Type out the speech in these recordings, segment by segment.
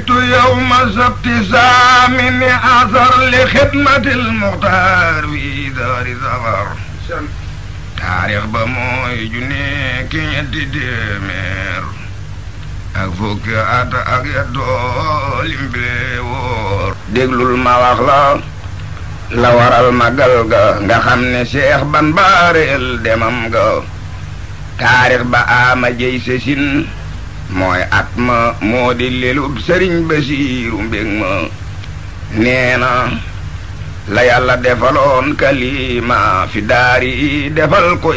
خرجت taarix ba mooy junne ki ñetti téeméer ak fukki at ak ma wax la waral magal ga nga xam ne Seex Bamba réel demam ga taarix ba ama jëy mooy at ma moo di lelub sëriñ Basiiru ma nee la yàlla defaloon kalima fi daari defal ko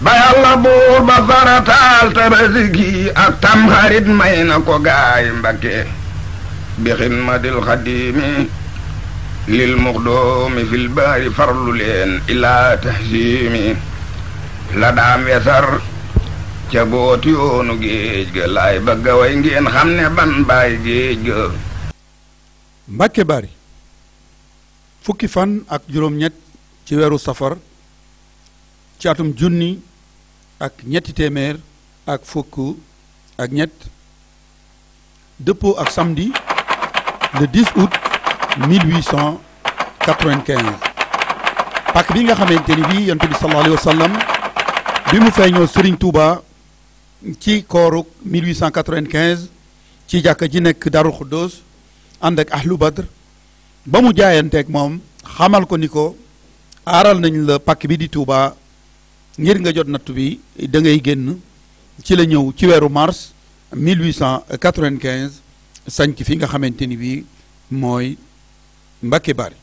ba yàlla buur ba farataal tabaski ak tamxarit may na ko gaay mbakke bi xidmatil xadimi lil muxdoomi fil baari farlu leen ilaa tahsimi la daam wesar ca booti yoonu géej ga laay bëgg way ngeen xam ne ban baay géej ga mbàkke bari fukki fan ak juróom-ñett ci weeru safar ci atum junni ak ñetti téeméer ak fukk ak ñett dëppoo ak samedi le 10 août 1895 pàkk bi nga xamante ni bii yonent bi sallallahu alayhi wa sallam bi mu feeñoo Serigne Touba ci kooruk 1895 ci jàkka ji nekk Darou Khoudoss ànd ak ahlu badr ba mu jaayanteeg moom xamal ko ni ko aaral nañ la pàkk bi di Touba ngir nga jot bi da ngay ci la ci mars 1895 sanc fi nga xamante ni bii mooy Mbacké Bari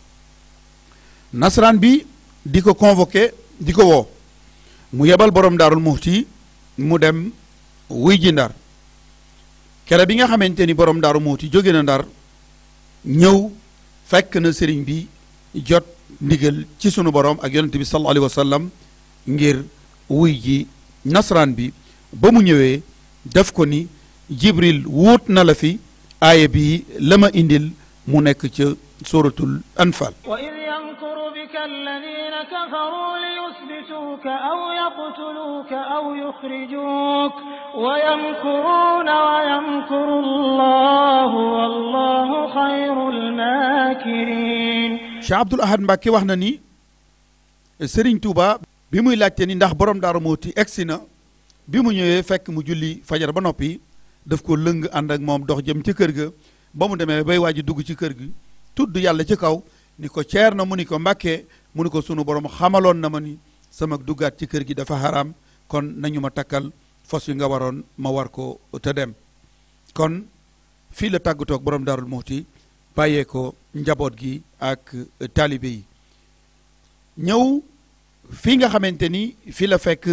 nasran bi diko ko diko wo mu yebal borom daarul muhti, mu dem wuy ji ndar kere bi nga xamante ni borom moo Muuti jóge na ndar ñëw fekk na sëriñ bi jot ndigal ci sunu borom ak yonente bi sallallahu alayhi wa ngir wuy ji nasraan bi ba mu ñëwee def ko ni jibril wuut na la fi aaya bi la ma indil mu nekk ca suratul anfal يكفر بك الذين كفروا ليثبتوك أو يقتلوك أو يخرجوك ويمكرون ويمكر الله والله خير الماكرين Cheikh Abdoul Ahad Mbacké wax na ni Serigne Touba bi muy laajte ni ndax borom Daaru Muhti egsi na bi mu ñëwee fekk mu julli fajar ba noppi daf ko lëng ànd ak moom dox jëm ci kër ga ba mu demee bay waaj dugg ci kër gi tudd yàlla ci kaw ni ko ceer na mu ni ko mbakkee mu ni ko sunu borom xamaloon na ma ni sama duggaat ci kër gi dafa xaraam kon nañu ma takkal fos yi nga waroon ma war ko te dem kon fii la tàggatoog borom daarul muxti bàyyee ko njaboot gi ak taalibe yi ñëw fii nga xamante ni fii la fekk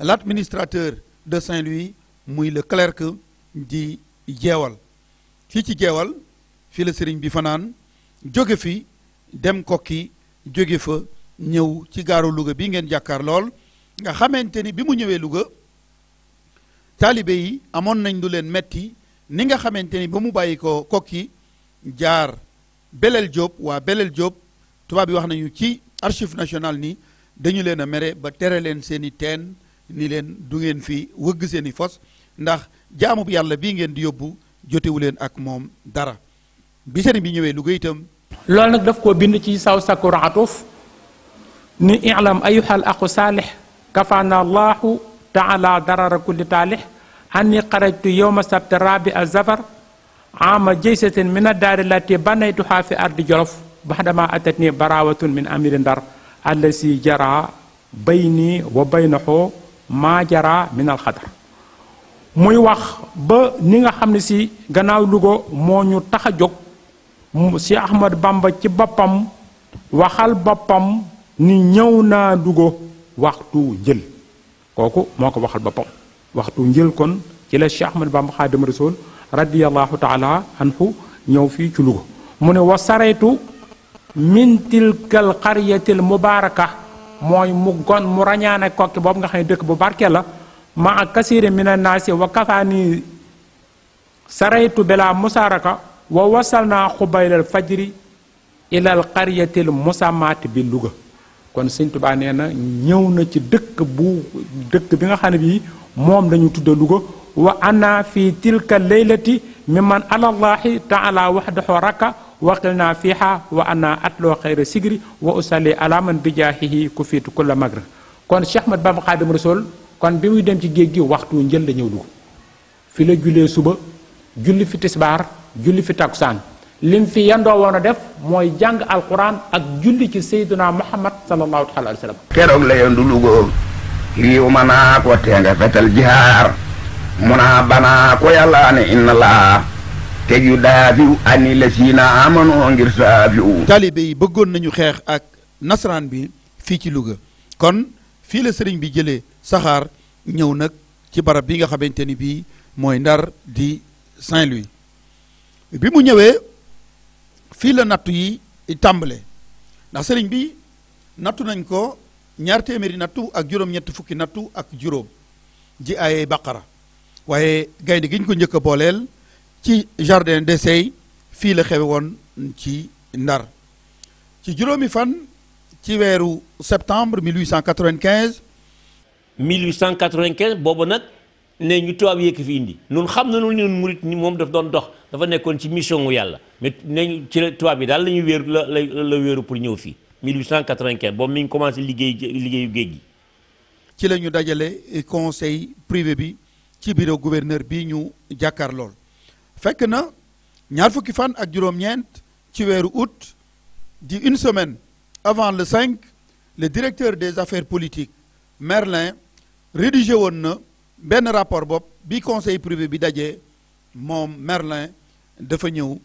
l'administrateur de Saint-Louis muy le clerc di jeewal fii ci jeewal fii la sëriñ bi fanaan jóge fi dem kokki jóge fa ñëw ci gaaru Louga bi ngeen jàkkaar lool nga xamante ni bi mu ñëwee Louga taalibe yi amoon nañ lu leen metti ni nga xamante ni ba mu bàyyi ko kokki jaar Belel Diop waa Belel Diop tubaab yi wax nañu ci archive national ni dañu leen a mere ba tere leen seeni teen ni leen du ngeen fi wëgg seen i fos ndax jaamu yàlla bii ngeen di yóbbu jotewu leen ak moom dara bi sëriñ bi ñëwee Louga itam لول نك داف كو بيند سي ساو ساكو راتوف ني اعلم ايها الاخ صالح كفانا الله تعالى درر كل طالح هني خرجت يوم السبت الرابع الزفر عام جيسة من الدار التي بنيتها في أرض جرف بعدما أتتني براوة من أمير الدار التي جرى بيني وبينه ما جرى من الخطر موي واخ با نيغا خامني سي غناو لوغو مو ني تاخا جوك si ahmad bamba ci bopam waxal bopam ni ñëw dugo waxtu jël Koku moko waxal bopam waxtu jël kon ci la cheikh ahmad bamba khadim rasul radiyallahu taala anhu ñew fi ci lugo mune wa saraytu min tilkal qaryatil mubarakah moy mu gon mu ko ki bob nga xam dekk bu barke la ma kasire mina nasi wa kafani saraytu bela musaraka ووصلنا قبيل الفجر الى القريه المسمات باللغه كون سنتو با نينا نيونا سي دك بو دك بيغا خاني بي موم دانيو تود لوغا وانا في تلك الليله ممن على الله تعالى وحده ركا وقلنا فيها وانا اتلو خير سيغري واصلي على من بجاهه كفيت كل مغر كون شيخ احمد بام قادم رسول كون بيوي ديم سي جيجي وقتو نجل دانيو لوغا في لا جولي صبا جولي في تسبار julli fi takkusaan lim fi yandoo woon a def mooy jàng alquran ak julli ci sayyiduna muhammad sallallahu keroog la yendu lugoom naa ko teenga fetal jihaar mu banaa ko yàlla inna laa teg yu daafiw ani siina amanoo ngir saafiw taalibe yi bëggoon nañu xeex ak nasraan bi fii ci Louga kon fii la sëriñ bi jëlee saxaar ñëw nag ci barab bi nga xamante ni bii mooy Ndar di Saint-Louis bi mu ñëwee fii la nattu yi tàmbale ndax sëriñ bi nattu nañ ko ñaar téeméeri nattu ak juróom-ñetti fukki nattu ak juróom ji ay baqara waaye gaynde gi ñu ko njëkk a booleel ci jardin d'essai fii la xewe woon ci ndar ci juróomi fan ci weeru septembre 1895. 1895 boobu nag nee ñu tubaab yéeg fi indi. nun xam nañu ne ñun murit ni moom daf doon dox. dafa nekkoon ci mission wu yàlla mais nañ ci la bi yi daal la ñu wéeru la la wéeru pour ñëw fii 1895 boobu mi ngi commencé liggéey liggéeyu géej gi ci la ñu dajale conseil privé bi ci bureau gouverneur bi ñu jàkkaar lool fekk na ñaar fukki fan ak juróom-ñeent ci weeru août di une semaine avant le 5 le directeur des affaires politiques Merlin rédigé woon na benn rapport bopp bi conseil privé bi dajee moom Merlin dafa ñëw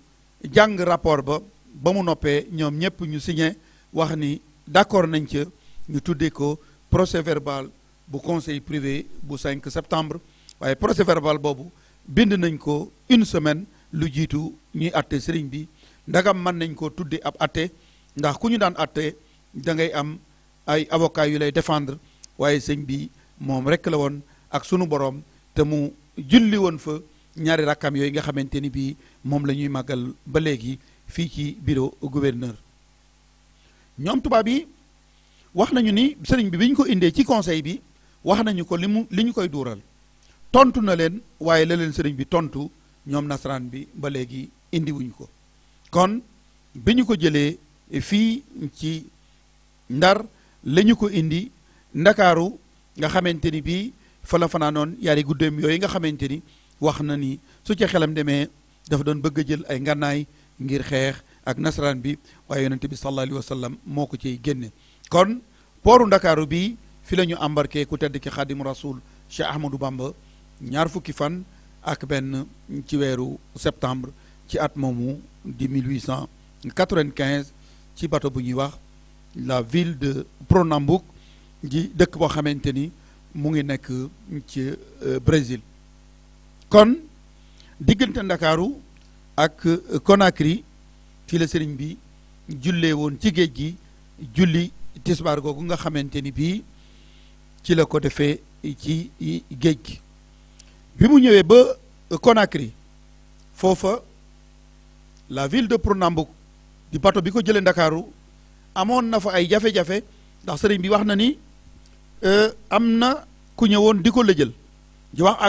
jàng rapport ba ba mu noppee ñoom ñëpp ñu signé wax ni d'accord nañ ca ñu tuddee ko procès verbal bu conseil privé bu cinq septembre waaye procès verbal boobu bind nañ ko une semaine lu jiitu ñuy atte sëriñ bi ndagam mën nañ ko tuddee ab atte ndax ku ñu daan atte da ngay am ay avocat yu lay défendre waaye sëñ bi moom rek la woon ak sunu boroom te mu julli woon fa ñaari rakkam yooyu nga xamante ni bii moom la ñuy màggal ba léegi fii ci bureau gouverneur ñoom tubaab yi wax nañu ni sëriñ bi bi ko indee ci conseil bi wax nañu ko li mu li ñu koy duural tontu na leen waaye la sëriñ bi tontu ñoom nasaraan bi ba léegi indiwuñ ko kon bi ñu ko jëlee fii ci ndar lañu ko indi ndakaaru nga xamante ni bii fa la fanaanoon yaari guddeem yooyu nga xamante ni wax na ni su ci xelam demee dafa doon bëgg a jël ay ngànnaay ngir xeex ak nasaraan bi waaye yonente bi sallallahu alayhi wa sallam moo ko ciy génne kon pooru ndakaaru bi fi la ñu embarqué ku tedd ki xaadimu rasul Cheikh Ahmadou Bamba ñaar fukki fan ak benn ci weeru septembre ci at moomu 1895 ci bato bu ñuy wax la ville de pronambouk di dëkk boo xamante ni mu ngi nekk ci euh, Brésil kon diggante dakaru ak euh, Conakry fi le sëriñ bi jullee won ci géej gi julli tisbaar nga xamante bi ci ci gi bi ba euh, Conakry Fofa, la ville de Pronambou, di bateau bi ko jëlee ndakaaru na fa ay jafé jafé ndax sëriñ bi wax na ni euh amna ku wax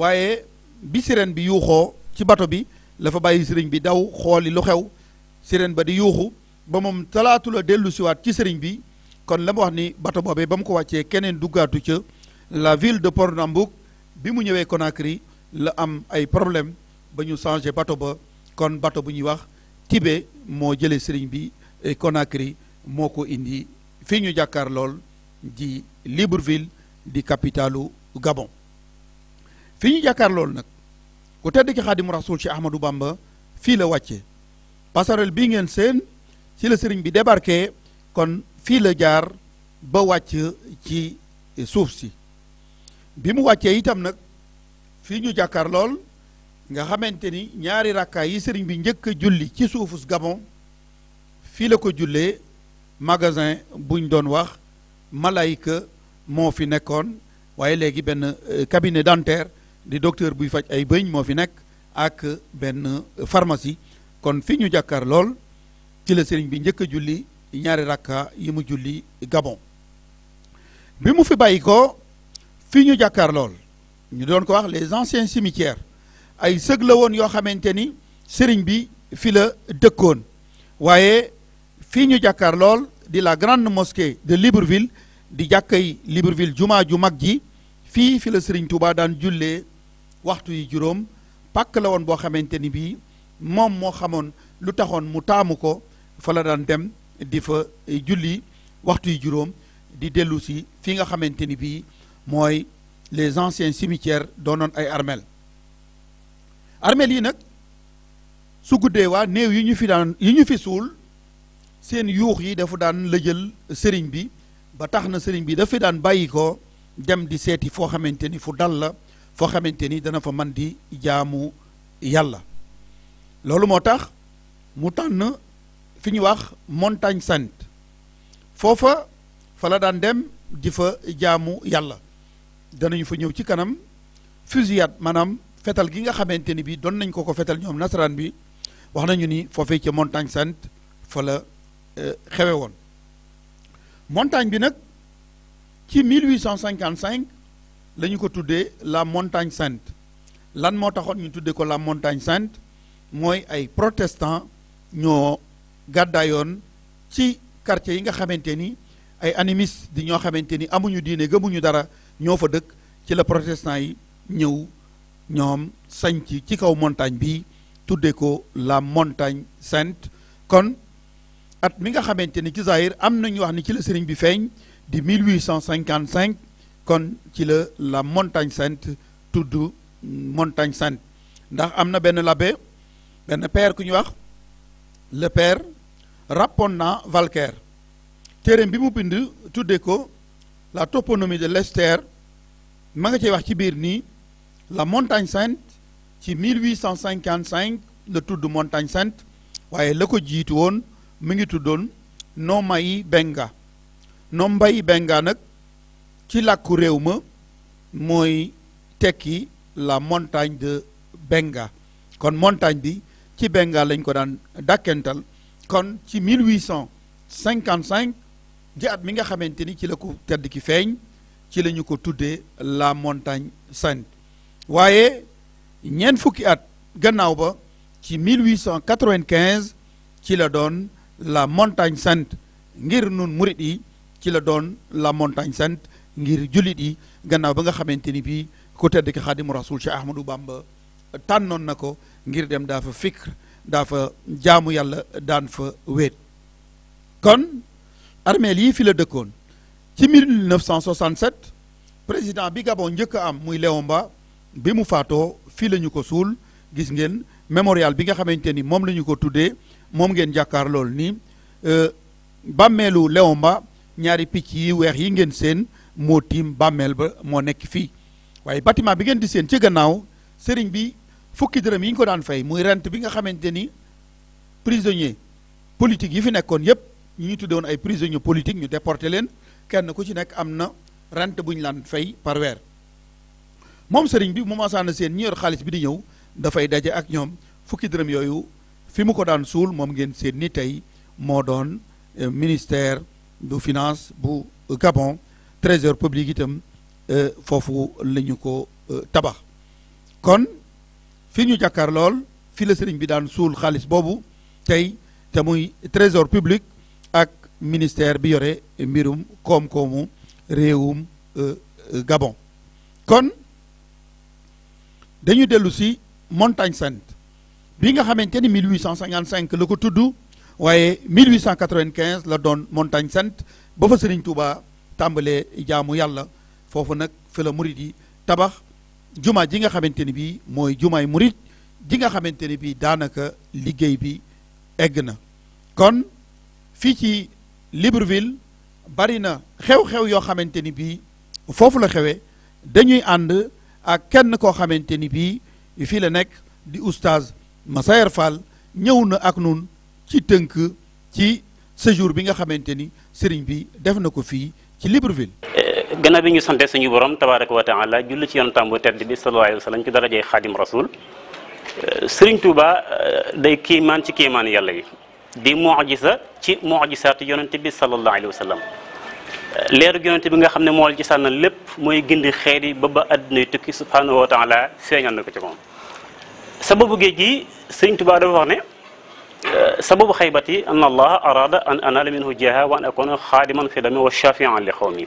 ak bi sirène bi yuxo ci bato bi la fa bàyyi sëriñ bi daw xoli lu xew sirène ba di yuuxu ba mom talatu la ci bi kon la wax ni bato ba ko kenen la ville de pornambouk bi mu ñewé Conakry la am ay problème ba ñu changer bato ba kon bato bu ñuy wax Tibet mo jëlee sëriñ bi Conakry indi fi ñu jakar di Libreville di du Gabon fiñu ñu jàkkaar loolu nag ku tedd ki rasul ci Ahmadou Bamba fii la wàcce passerelle bii ngeen seen ci bi débarqué kon fii la jaar ba wàcc ci suuf si bi mu wàccee itam nag fii ñu jàkkaar lool nga xamante ni ñaari rakkaay yi sëriñ bi njëkk julli ci Gabon fii la ko jullee magasin buñ doon wax malayka moo fi nekkoon waaye euh, cabinet dentaire di docteur buy faj ay bëñ moo fi nekk ak benn pharmacie kon fi ñu jàkkaar lool ci la sëriñ bi a julli ñaari rakka mu julli Gabon bi mu fi bàyyi ko nous ñu jàkkaar ñu doon ko wax les anciens cimetières ay sëg la woon yoo xamante ni sëriñ bi fi la dëkkoon waaye fii ñu jàkkaar di la grande mosquée de Libreville di jàkkay Libreville Juma ju mag ji fii fi la sëriñ Touba daan waxtu yi juróom pàkk la woon boo xamante ni bii moom moo xamoon lu taxoon mu taamu ko fa la daan dem di fa eh, julli waxtu yi juróom di dellusi si fi nga xamante ni bii mooy les anciens cimetières doonoon ay armel armel yi nag su waa néew yi ñu fi daan yi ñu fi suul seen yuux yi dafa daan lëjël sëriñ bi ba tax na sëriñ bi dafa daan bàyyi ko dem di seeti foo xamante ni fu dal la foo xamante ni dana fa man di jaamu yàlla loolu moo tax mu tànn fi ñu wax montagne sainte foofa fala daan dem di fa jaamu yàlla danañu fa ñëw ci kanam fusillade maanaam fetal gi nga xamante ni bi doon nañ ko ko fetal ñoom nasaraan bi wax nañu ni foofee ca montagne sainte fa la euh, xewe woon montagne bi nag ci 1855 la ko tuddee la montagne sainte lan moo taxoon ñu tuddee ko la montagne sainte mooy ay protestants ñoo gàddaayoon ci quartier yi nga xamante ni ay animistes di ñoo xamante ni amuñu diine gëmuñu dara ñoo fa dëkk ci la protestants yi ñëw ñoom ci kaw montagne bi tuddee ko la montagne sainte kon at mi nga xamante ni ci Zahir am nañu wax ni ci la sëriñ bi feeñ di 1855 kon ci la la montagne sainte Tudu montagne sainte ndax Amna Ben l'abbé ben père ku wax le père Raponna Walker terrain bi mu bind tuddé ko la toponymie de Lester ma nga wax ci la montagne sainte ci 1855 tout du montagne sainte waye la ko jiitu woon mu ngi tuddoon Nomayi Benga nomba'i Benga n'ak ci la réew ma mooy la montagne de Benga kon montagne bi ci Benga lañ ko dan dàkkental kon ci 1855 di at mi nga xamanteni ni ci la ko tedd ki feeñ ci la ko tuddé la montagne sainte wayé ñeent fukki at gannaaw ba ci 1895 ci la don la montagne sainte ngir nun murit ci la la montagne sainte ngir jullit yi gannaaw ba nga xamante ni bii ku tedd ki xaadimu rasul Cheikh Ahmadou Bamba tànnoon na ko ngir dem daa fa fikr daa fa jaamu yàlla daan fa weet kon armeel yii fi la dëkkoon ci 1967 président bi Gabon njëkk am muy Léomba bi mu faatoo fii la ñu ko suul gis ngeen mémorial bi nga xamante ni moom lañu ko tuddee moom ngeen jàkkaar lool nii euh, bàmmeelu Léomba ñaari picc yi weex yi ngeen seen motim tiim bàmmeel ba mo nek fi waye bâtiment bi ngeen di seen ci gannaaw serigne bi fukki dërëm yi ñu daan fay muy rent bi nga xamante ni prisonnier politique yi fi nekkoon yépp ñu ñu ay prisonnier politique ñu déporté leen kenn ku ci nekk am na rent bu ñu fay par weer moom sëriñ bi mu masaana seen ñi yor xaalis bi di ñëw dafay daje ak ñoom fukki dërëm yooyu fi mu ko daan suul moom ngeen seen ni tey moo doon eh, ministère du finance bu Gabon trésor public itam faut euh, fofu ñu ko euh, tabax kon fiñu jakar lol fi le serigne bi daan suul khalis bobu tey te muy trésor public ak ministère bi yoré mbirum koom-koomu euh, Gabon kon dañu dellu si Montagne Sainte bi nga xamanteni 1855 le ko tudd waye 1895 la donne Montagne Sainte ba fa Touba tambalé jaamu yalla fofu nak fi la mouride yi tabax Juma, ji nga xamanteni bi moy mooy mouride ji nga xamanteni bi danaka liggey bi eggna kon fi ci Libreville barina. xew-xew yo xamanteni bi fofu la xewé dañuy and ak kenn ko xamanteni bi fi la nek di oustaz Massaer Fall ñëw na ak nun ci tënk ci séjour bi nga xamanteni serigne bi def na ci Libreville. gëna bi ñu sante suñu borom tabaaraka wa taala jullu ci yoon tambu tedd bi sallallahu alayhi wasallam ci darajay khadim rasul serigne touba day kiimaan ci kiman yàlla yi di mojisa ci mojisaatu yoonte bi sallallahu alayhi wasallam leer leeru yonente bi nga xamne ne mool ci sanal lépp moy gindi xeet ba ba adna yi tukki subhanahu wa taala feeñal nako ko ci moom sababu géej gi Sëriñ Tuuba dafa wax ne سبب خيبتي أن الله أراد أن أنال منه جهة وأن أكون خادما في دمي وشافعا لقومي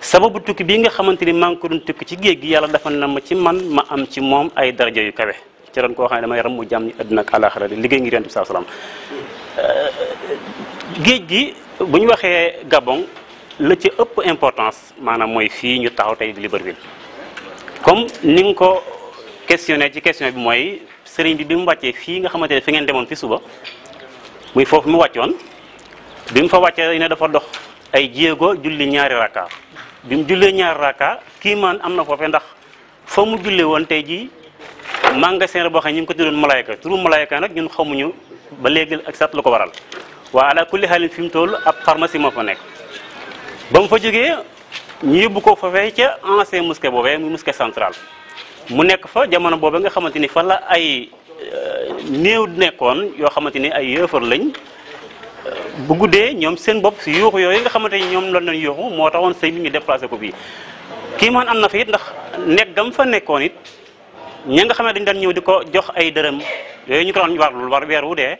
سبب التكبير خمن تري من كرن تكتي جي جي على دفن لما تمن ما أم تمام أي درجة يكبه تران كوه أنا ما يرمو جام أدنى على آخر اللي جين غيران تسال سلام جي جي بني وخي غابون لتي أب إمبورتانس ما أنا موي في نيو تاو تاي ليبرفيل كم نينكو كيسيونات كيسيونات بموي sëriñ bi bi mu wàccee fii nga xamante ne fi ngeen demoon fi suba muy foofu mu wàccoon bi mu fa wàccee ne dafa dox ay jéego julli ñaari rakka bi mu jullee ñaari rakka kii man am na foofee ndax foo mu jullee woon tey jii magasin la boo xam ne ñu ngi ko tuddoon malaayka turu malaayka nag ñun xamuñu ba léegi ak sat lu ko waral waa ala kulli xaalin fi mu toll ab pharmacie moo fa nekk ba mu fa jógee ñu yóbbu ko foofee ca ancien mosquée boobee muy mosquée centrale mu nekk fa jamono boobu nga xamante ni fa la ay euh, néew nekkoon yoo xamante ni ay yëfar lañ bu guddee ñoom seen bopp si yuuxu yooyu nga xamante ni ñoom loolu lañ yuuxu moo taxoon sëñ bi ñu déplacé ko fii kii man am na fa it ndax nekk gam fa nekkoon it ña nga xam ne dañ daan ñëw di ko jox ay dërëm yooyu ñu ko doon warlul war weer wu dee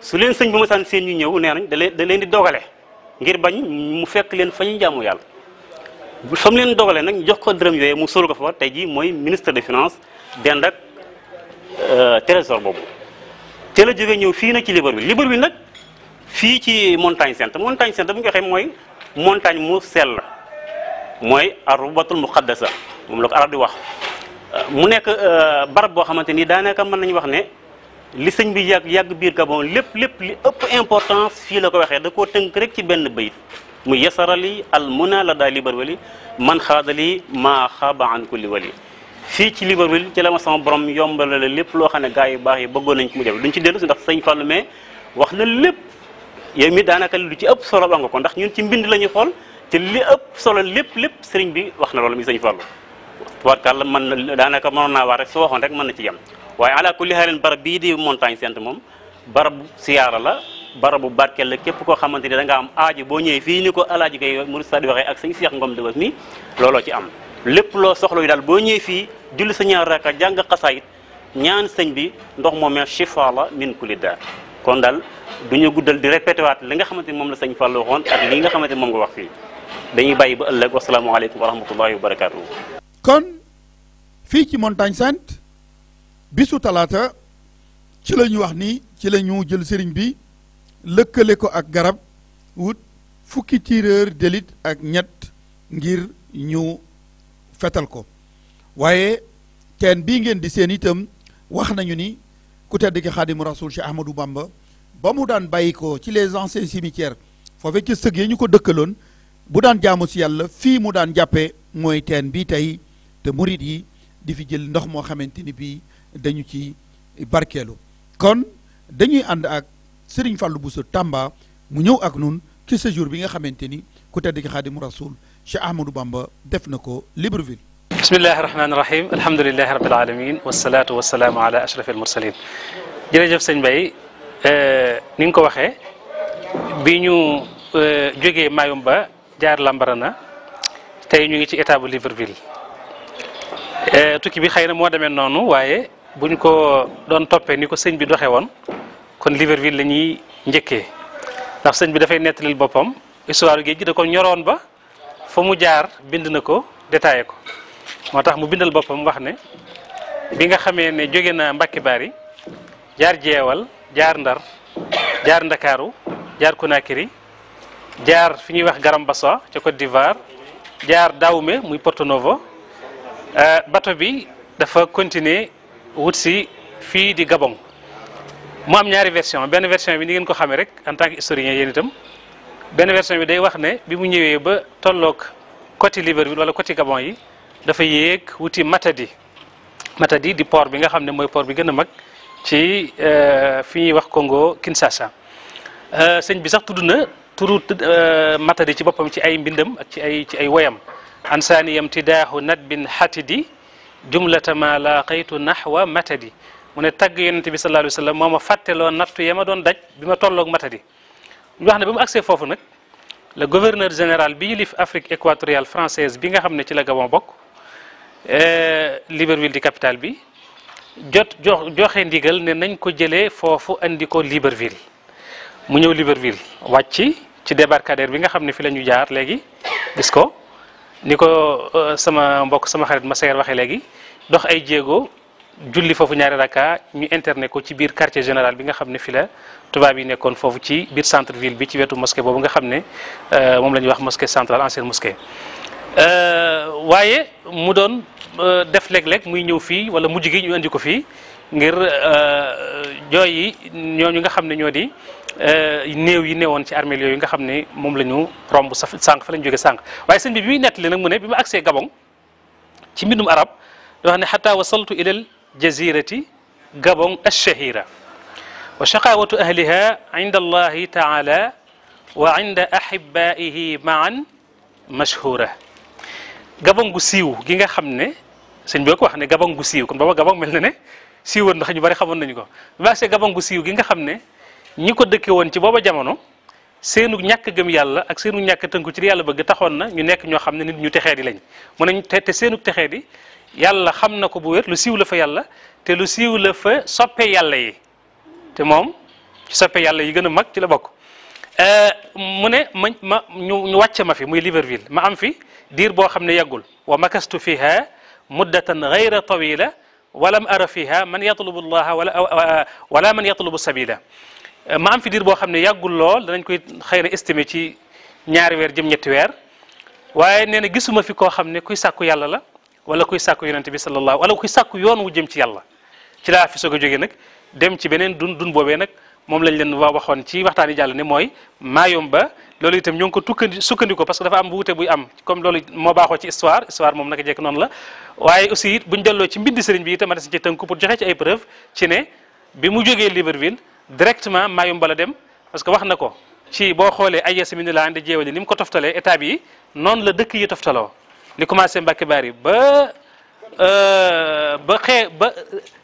su leen sëñ bu ma saan seen ñu ñëw nee nañ da leen da leen di dogale ngir bañ mu fekk leen fa ñu jàmm yàlla fa mu leen dogalee nag ñu jox ko dërëm yooyu mu sóolu ko fa tey jii mooy ministre des finances dend ak euh, trésor boobu te la jógee ñëw fii nag ci libre bi libre bi nag fii ci montagne sainte montagne sainte bu ñu waxee mooy montagne mu sell mooy arbatul muqaddasa moom la ko arab di wax mu nekk euh, barab boo xamante ni daanaka mën nañu wax ne li sëñ bi yàgg yàgg biir Gabon lépp lépp li ëpp importance fii la ko waxee da koo tënk rek ci benn bayit mu yasara lii al muna la daal libar wali man xaada lii maa xaaba an kulli wali fii ci libar wali ci la ma sama borom yombalale lépp loo xam ne gars yu baax yi bëggoon nañ ci mu jafe duñ ci dellu si ndax sëñ Fallou mais wax na lépp yow mi daanaka lu ci ëpp solo am ko ndax ñun ci mbind la ñuy xool li ëpp solo lépp lépp sëriñ bi wax na loolu mi sëñ Fallou tubaarkàlla mën na daanaka mënoon naa wax rek su waxoon rek mën na ci yem waaye ala kulli xaalin barab di montagne sainte moom barab siyaara la barabu barkel la kep ko xamanteni da nga am aaji bo ñëwee fi ni ko alaaji kay mur sadi waxee ak seigne Cheikh Ngom Dëbës ci am lepp lo soxlo yu daal boo ñëwee julli sa ñaar raka jang xasaayit ñaan seigne bi ndox moomee shifa la min kulida daar kon dal duñu guddal di répéter wat li nga xamanteni mom la seigne Fall waxon ak li nga xamanteni mom nga wax fi dañuy ba salaamu alaykum wa rahmatullahi wa barakatuh kon fi ci Montagne Sainte bisu talata ci lañu wax ni ci lañu jël serigne bi lëkkale ko ak garab wut fukki tireur d'élite ak ñett ngir ñu fetal ko waaye teen bii ngeen di seen itam wax nañu ni ku tedd ki xaadimu rasul Cheikh Ahmadou Bamba ba mu daan bàyyi ko ci les anciens cimetières foofee ci sëg yi ñu ko dëkkaloon bu daan jaamu si yàlla fii mu daan jàppe mooy teen bii tey te murit yi di fi jël ndox moo xamante ni bii dañu ci barkeelu kon dañuy ànd ak serigne fallou bousseur tamba mu ñew ak nun ci ce jour bi nga xamanteni ku tedd ki khadim rasoul ci ahmadou bamba بسم الله الرحمن الرحيم الحمد لله رب العالمين والصلاة والسلام على أشرف المرسلين جرجف سن باي نينكو وخي بينيو جوغي مايومبا جار لامبرانا تاي نيغي سي ايتابو ليفربيل توكي بي خاينا مو دامي نونو وايي بونكو دون توبي نيكو سن بي دوخي وون kon Libreville la ñuy njëkkee ndax sëñ bi dafay nettalil boppam histoire géej ji da ko ñoroon ba fa mu jaar bind na ko détaillé ko moo tax mu bindal boppam wax ne bi nga xamee ne jóge naa Mbàkke Bari jaar jeewal jaar Ndar jaar Ndakaaru jaar Conakry jaar fi ñuy wax Garambassa ca Côte d'Ivoire jaar Dahomey muy Porto Novo euh, bato bi dafa continuer wutsi fii di Gabon mu am ñaari version benn version bi ni ngeen ko xame rek en tant que historien yéen benn version bi day wax ne bi mu ñëwee ba tolloog côté Libreville wala côté Gabon yi dafa yéeg wuti Matadi Matadi di port bi nga xam ne mooy port bi gën a mag ci euh, fi ñuy wax Congo Kinshasa euh, sëñ bi sax tudd na turu euh, Matadi ci boppam ci ay mbindam ak ci ay ci ay woyam ansaani yam tidaahu nadbin hatidi jumlatama laqaytu nahwa Matadi mu ne tagg yonent bi sallallahu alayhi wa sallam moo ma fàtteloo nattu ya ma doon daj bi ma tolloog matadi ñu wax ne ba mu agsee foofu nag le gouverneur général bi yilif Afrique équatoriale française bi nga xam ne ci la Gabon bokk eh, Libreville di capital bi jot jox joxe ndigal ne nañ ko jëlee foofu indi ko Libreville mu ñëw Libreville wàcc ci débarcadère bi nga xam ne fi la ñu jaar léegi gis ko ni ko eh, sama mbokk sama xarit ma seer waxee léegi dox ay jéego julli foofu ñaari raka ñu interné ko ci biir quartier général bi nga xam ne fi la tubaab yi nekkoon foofu ci biir centre ville bi ci wetu mosquée boobu nga xam ne euh, moom la ñuy wax mosquée centrale ancienne mosquée euh, waaye mu doon euh, def léeg-léeg muy ñëw fii wala mu gi ñu indi ko fii ngir jooy yi ñooñu nga xam ne ñoo di néew yi newoon ci armeel yooyu nga xam ne moom la ñu romb sa sànq fa la ñu jóge sànq waaye sëñ bi bi muy nettali nag mu ne bi ma agsee Gabon ci mbindum arab جزيرة غابون الشهيرة وشقاوة أهلها عند الله تعالى وعند أحبائه معا مشهورة غابون غسيو جيغا خمني sëñ bi ko wax ne gabon gu siiw kon booba gabon mel na ne siiwoon ndax ñu bari xamoon nañu ko baasee gabon gu siiw gi nga xam ne ñi ko dëkke woon ci booba jamono seenu ñàkk gëm yàlla ak seenu ñàkk tënku ci li yàlla bëgg taxoon na ñu nekk ñoo xam ne nit ñu texee di lañ mu ne te seenu texee di yàlla xam na ko bu wér lu siiw la fa yàlla te lu siiw la fa soppe yàlla yi te moom ci soppe yàlla yi gën a mag ci la bokk mu ne ma ñu ñu wàcce ma fi muy liverville ma am fi diir boo xam ne yàggul wa makastu fiha muddatan gayra tawila walam ara fiha man yatlubu llaha wala wala man yatlubu sabila ma am fi diir boo xam ne yàggul lool danañ koy xëy na estimé ci ñaari weer jëm ñetti weer waaye nee na gisuma fi koo xam ne kuy sàkku yàlla la wala kuy sàkku yonente bi sallallahu wala kuy sàkku yoon wu jëm ci yàlla ci laa fi soog a jógee nag dem ci beneen dun dun boobee nag moom lañ leen waxoon ci waxtaan yi jàll ne mooy maayom ba loolu itam ñoo ngi ko tukkandi parce que dafa am wuute buy am comme loolu moo baaxoo ci histoire histoire moom naka jekk noonu la waaye aussi it buñ delloo ci mbindi sëriñ bi itam ma des ci tënku ay preuve ci ne bi mu jógee Libreville directement maayom ba la dem parce que wax na ko ci boo xoolee ay yasmini laa andi jéewali ni mu ko toftalee état bi noonu la dëkk yi toftaloo li commencé Mbacke Bari ba ba xee ba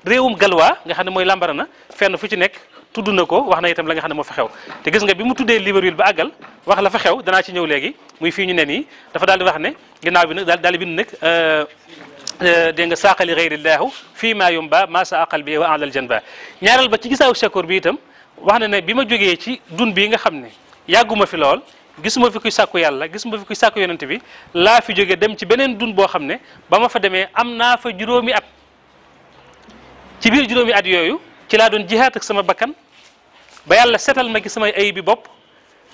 réewum Galwaa nga xam ne mooy Lambarana fenn fu ci nekk tudd na ko wax na itam la nga xam ne moo fa xew te gis nga bi mu tuddee Libreville ba àggal wax la fa xew danaa ci ñëw léegi muy fii ñu ne nii dafa daal di wax ne ginnaaw bi nag daal di bind nag dégg nga saaqali xeyrillahu fii maa yomba maa sa aqal bi wa alal janba ñaareel ba ci gisaaw shakoor bi itam wax na ne bi ma jógee ci dun bii nga xam ne yàgguma fi lool gisuma fi kuy sàkku yàlla gisuma fi kuy sàkku yonent bi la fi jóge dem ci benen dun bo xamne bama fa deme amna fa juromi at ci bir juromi at yoyu ci la don jihad ak sama bakkan ba yàlla setal ma ci sama ay bi bop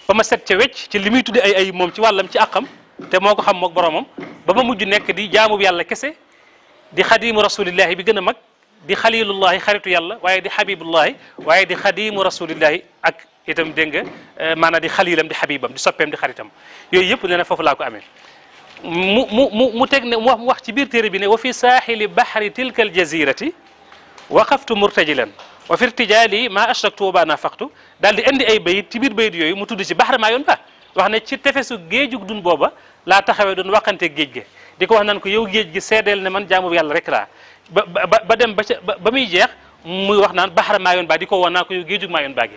bama set ci wetch ci li tuddi ay ay mom ci walam ci akam te moko xam mok boromam bama muju nek di jaamu yàlla kesse di khadim rasulillah bi gëna a mag di khalilullah kharitu yàlla waye di habibullah waye di khadim rasulillah ak itam dégg mana di khalilam di habibam di soppeem di xaritam yooyu yëpp nee na foofu laa ko amee mu mu mu mu teg ne mu wax ci biir téere bi ne wa fi saaxili baxri tilka aljazirati waqaftu murtajilan wa fi irtijaali ma ashraktu wa ba nafaqtu dal di indi ay bayit ci biir bayit yooyu mu tudd ci baxra maa yoon ba wax ne ci tefesu géejug dun booba laa taxawee dun waxante géej ge di ko wax naan ko yow géej gi seedeel ne man jamu yàlla rek laa ba ba ba dem ba ba muy jeex muy wax naan baxra maa yoon ba di ko woon naa ko yow géejug maa yoon baa gi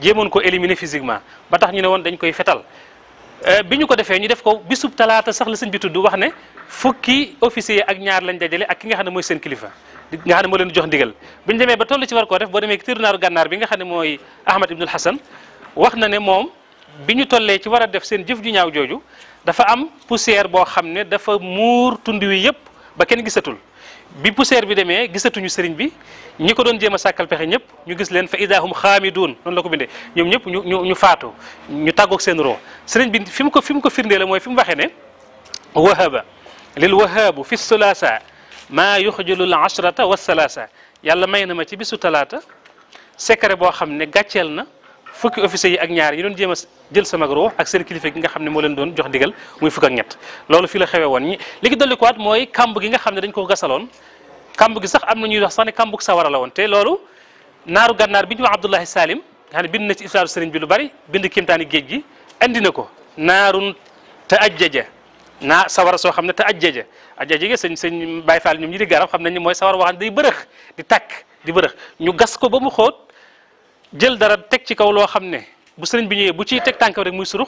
jéemoon ko éliminer physiquement ba tax ñu ne woon dañ koy fetal euh, bi ñu ko defee ñu def ko bisub talaata sax la sëñ bi tudd wax ne fukki officier ak ñaar lañ dajale ak ki nga xam ne mooy seen kilifa nga xam ne moo leen jox ndigal bi ñu demee ba toll ci war koo def boo demee tribunaalu gànnaar bi nga xam ne mooy Ahmad Ibnul Hasan wax na ne moom bi ñu tollee ci war a def seen jëf ju ñaaw jooju dafa am poussière boo xam ne dafa muur tund wi yëpp ba kenn gisatul bi poussière bi demee gisatuñu sëriñ bi ñi ko doon jéem a sàkkal pexe ñëpp ñu gis leen fa idahum xaamiduun noonu la ko bindee ñoom ñëpp ñu ñu ñu faatu ñu tàggoog seen roo sëriñ bi fi mu ko fi mu ko firndee la mooy fi mu waxee ne wahaba lil wahabu fi sulaasa maa yuxjulul ashrata wa salaasa yàlla may na ma ci bisu talaata secret boo xam ne gàcceel na fukki officier yi ak ñaar yi doon jéem a jël sama ruux ak seen kilifa gi nga xam ne moo leen doon jox ndigal muy fukk ak ñett loolu fii la xewee woon ñi li ki dolli kuwaat mooy kamb gi nga xam dañ ko gasaloon kamb gi sax am ñuy wax sax ne kambuk sawara la woon te loolu naaru gànnaar bi wax Abdullahi Salim nga xam ne bind na ci iftaru sëriñ bi lu bari bind kimtaani géej gi andi na ko naarun te ajjaja naa sawara soo xam ne te ajjaja ajjaja gi Baye Fall ñoom ñi di garab xam nañ ne mooy sawara day bërëx di tàkk di bërëx ñu gas ko ba mu xóot jël dara teg ci kaw loo xam ne bu sëriñ bi ñëwee bu ciy teg tànkam rek muy surux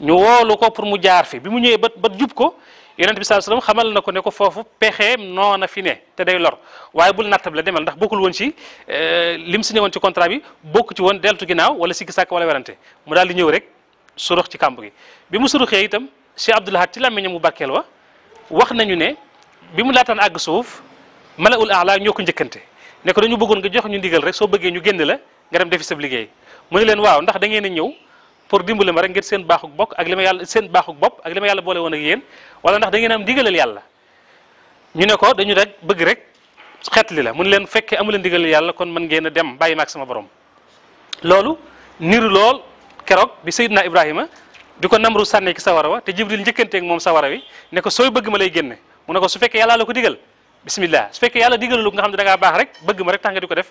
ñu woolu ko pour mu jaar fi bi mu ñëwee ba ba jub ko yonent bi sallallahu alayhi xamal na ko ne ko foofu pexeem noona fi ne te day lor waaye bul nattab la demal ndax bokkul woon ci eh, lim signé woon ci contrat bi bokk ci woon deltu ginnaaw wala sikki sàkk wala werante mu daal di ñëw rek surux ci kàmb gi bi mu suruxee itam Cheikh Abdoul Ahad ci làmmiñam mu barkeel wa wax nañu ne bi mu laataan àgg suuf mala ul aala ñoo ko njëkkante ne ko dañu bëggoon nga jox ñu ndigal rek soo bëggee ñu génn la nga dem defi sa liggéey mu ne len waaw ndax da ngeen a ñëw pour dimbulé ma rek ngir seen baxuk bok ak lima yalla seen baxuk bop ak lima yalla bolé won ak yeen wala ndax da ngeen am digëlal yalla ñu ne ko dañu rek bëgg rek xet li la mu ne len amu len digëlal yalla kon man ngeen dem bàyyi maag sama borom lolu niru lol kérok bi Seydina Ibrahima diko namru sànne ci sawara wa te jibril ak mom sawara wi ne ko soy bëgg ma lay génne mu ne ko su fekkee yalla la ko digal bismillah su fekkee yalla digalu nga xam da nga bax rek bëgg ma rek tanga diko def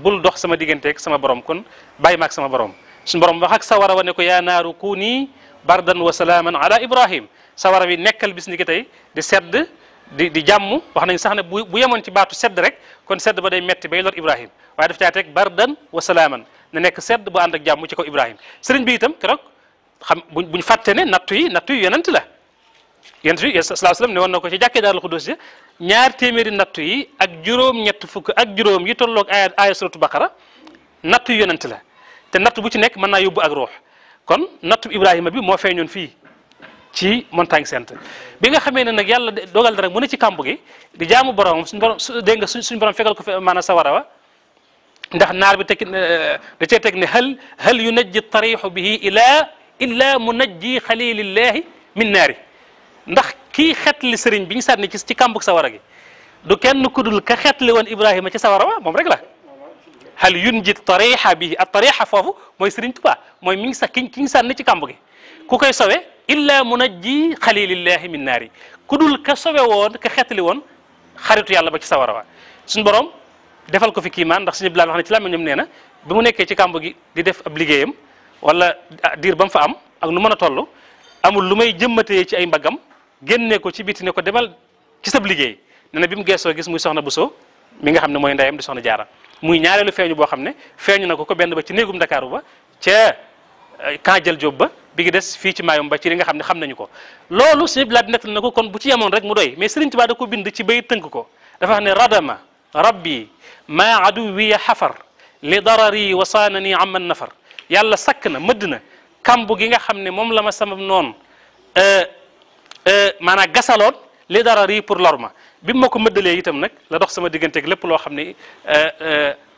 bul dox sama digganteeg sama borom kon bàyyi maag sama borom suñu borom wax ak sawara wa ne ko yaa naaru kuuni bardan wa salaaman ala ibrahim sawara bi nekkal bis ni ki tey di sedd di di jàmm wax nañ sax ne bu bu yemoon ci baatu sedd rek kon sedd ba day metti bay lor ibrahim waaye daf caa teg bardan wa salaaman na nekk sedd bu ànd ak jàmm ci ko ibrahim sëriñ bi itam keroog xam buñ buñ fàtte ne nattu yi nattu yi yonent la yéen si salaa salaam ne woon na ko ci jàkkee daal xudus ji ñaar téeméeri nattu yi ak juróom ñett fukk ak juróom yi tolloog aaya aaya suratu baqara nattu yonent la te natt bu ci nekk mën naa yóbbu ak ruux kon nattu ibrahima bi moo feeñoon fii ci montagne sainte bi nga xamé ne nag yàlla dogal dara rek mu ne ci kambu gi di jaamu borom suñu borom de nga suñu borom fegal ko fe maanaam sawara wa ndax nar bi tek da ci tek ni hal hal yunajji tarih bihi ila illa munajji khalilillahi min naari ndax ki xetli serigne biñu ñu sànni ci ci kambuk sawara gi du kenn kudul ka xetli won ibrahima ci sawara wa mom rek la hal yunjit tariha bihi at tariha fofu moy serigne tuba moy mi ngi sa kiñ kiñ ñu sànni ci kambuk gi ku koy sowe illa munajji khalilillahi min naari kudul ka sowe won ka xetli won xaritu yàlla ba ci sawara wa sun borom defal ko fi ki kiimaan ndax serigne bilaal wax ne ci làmmiñam nee neena bi mu nekkee ci kàmb gi di def ab liggéeyam wala diir bam fa am ak nu mën tollu amul lu may jëmmatee ci ay mbagam génne ko ci biti ne ko demal ci sa liggéey ne na bi mu geesoo gis muy soxna buso mi nga xam ne mooy ndeyam di soxna jaara muy ñaareelu feeñu boo xam ne feeñu na ko ko benn ba ci néegum dakaru ba ca jël Jóob ba bi ngi des fii ci mayum ba ci li nga xam ne xam nañu ko loolu sëñ bi laa na ko kon bu ci yemoon rek mu doy mais Sëriñ Tuubaa da ko bind ci bay tënk ko dafa xam ne radama rabbi maa aduwiya xafar li darari wa sanani amman nafar yàlla sakk na mëdd na kambu gi nga xam ne moom la ma sama noon maanaam gasaloon li dara rii pour lorma bi mu ma ko mëddalee itam nag la dox sama digganteeg lépp loo xam ne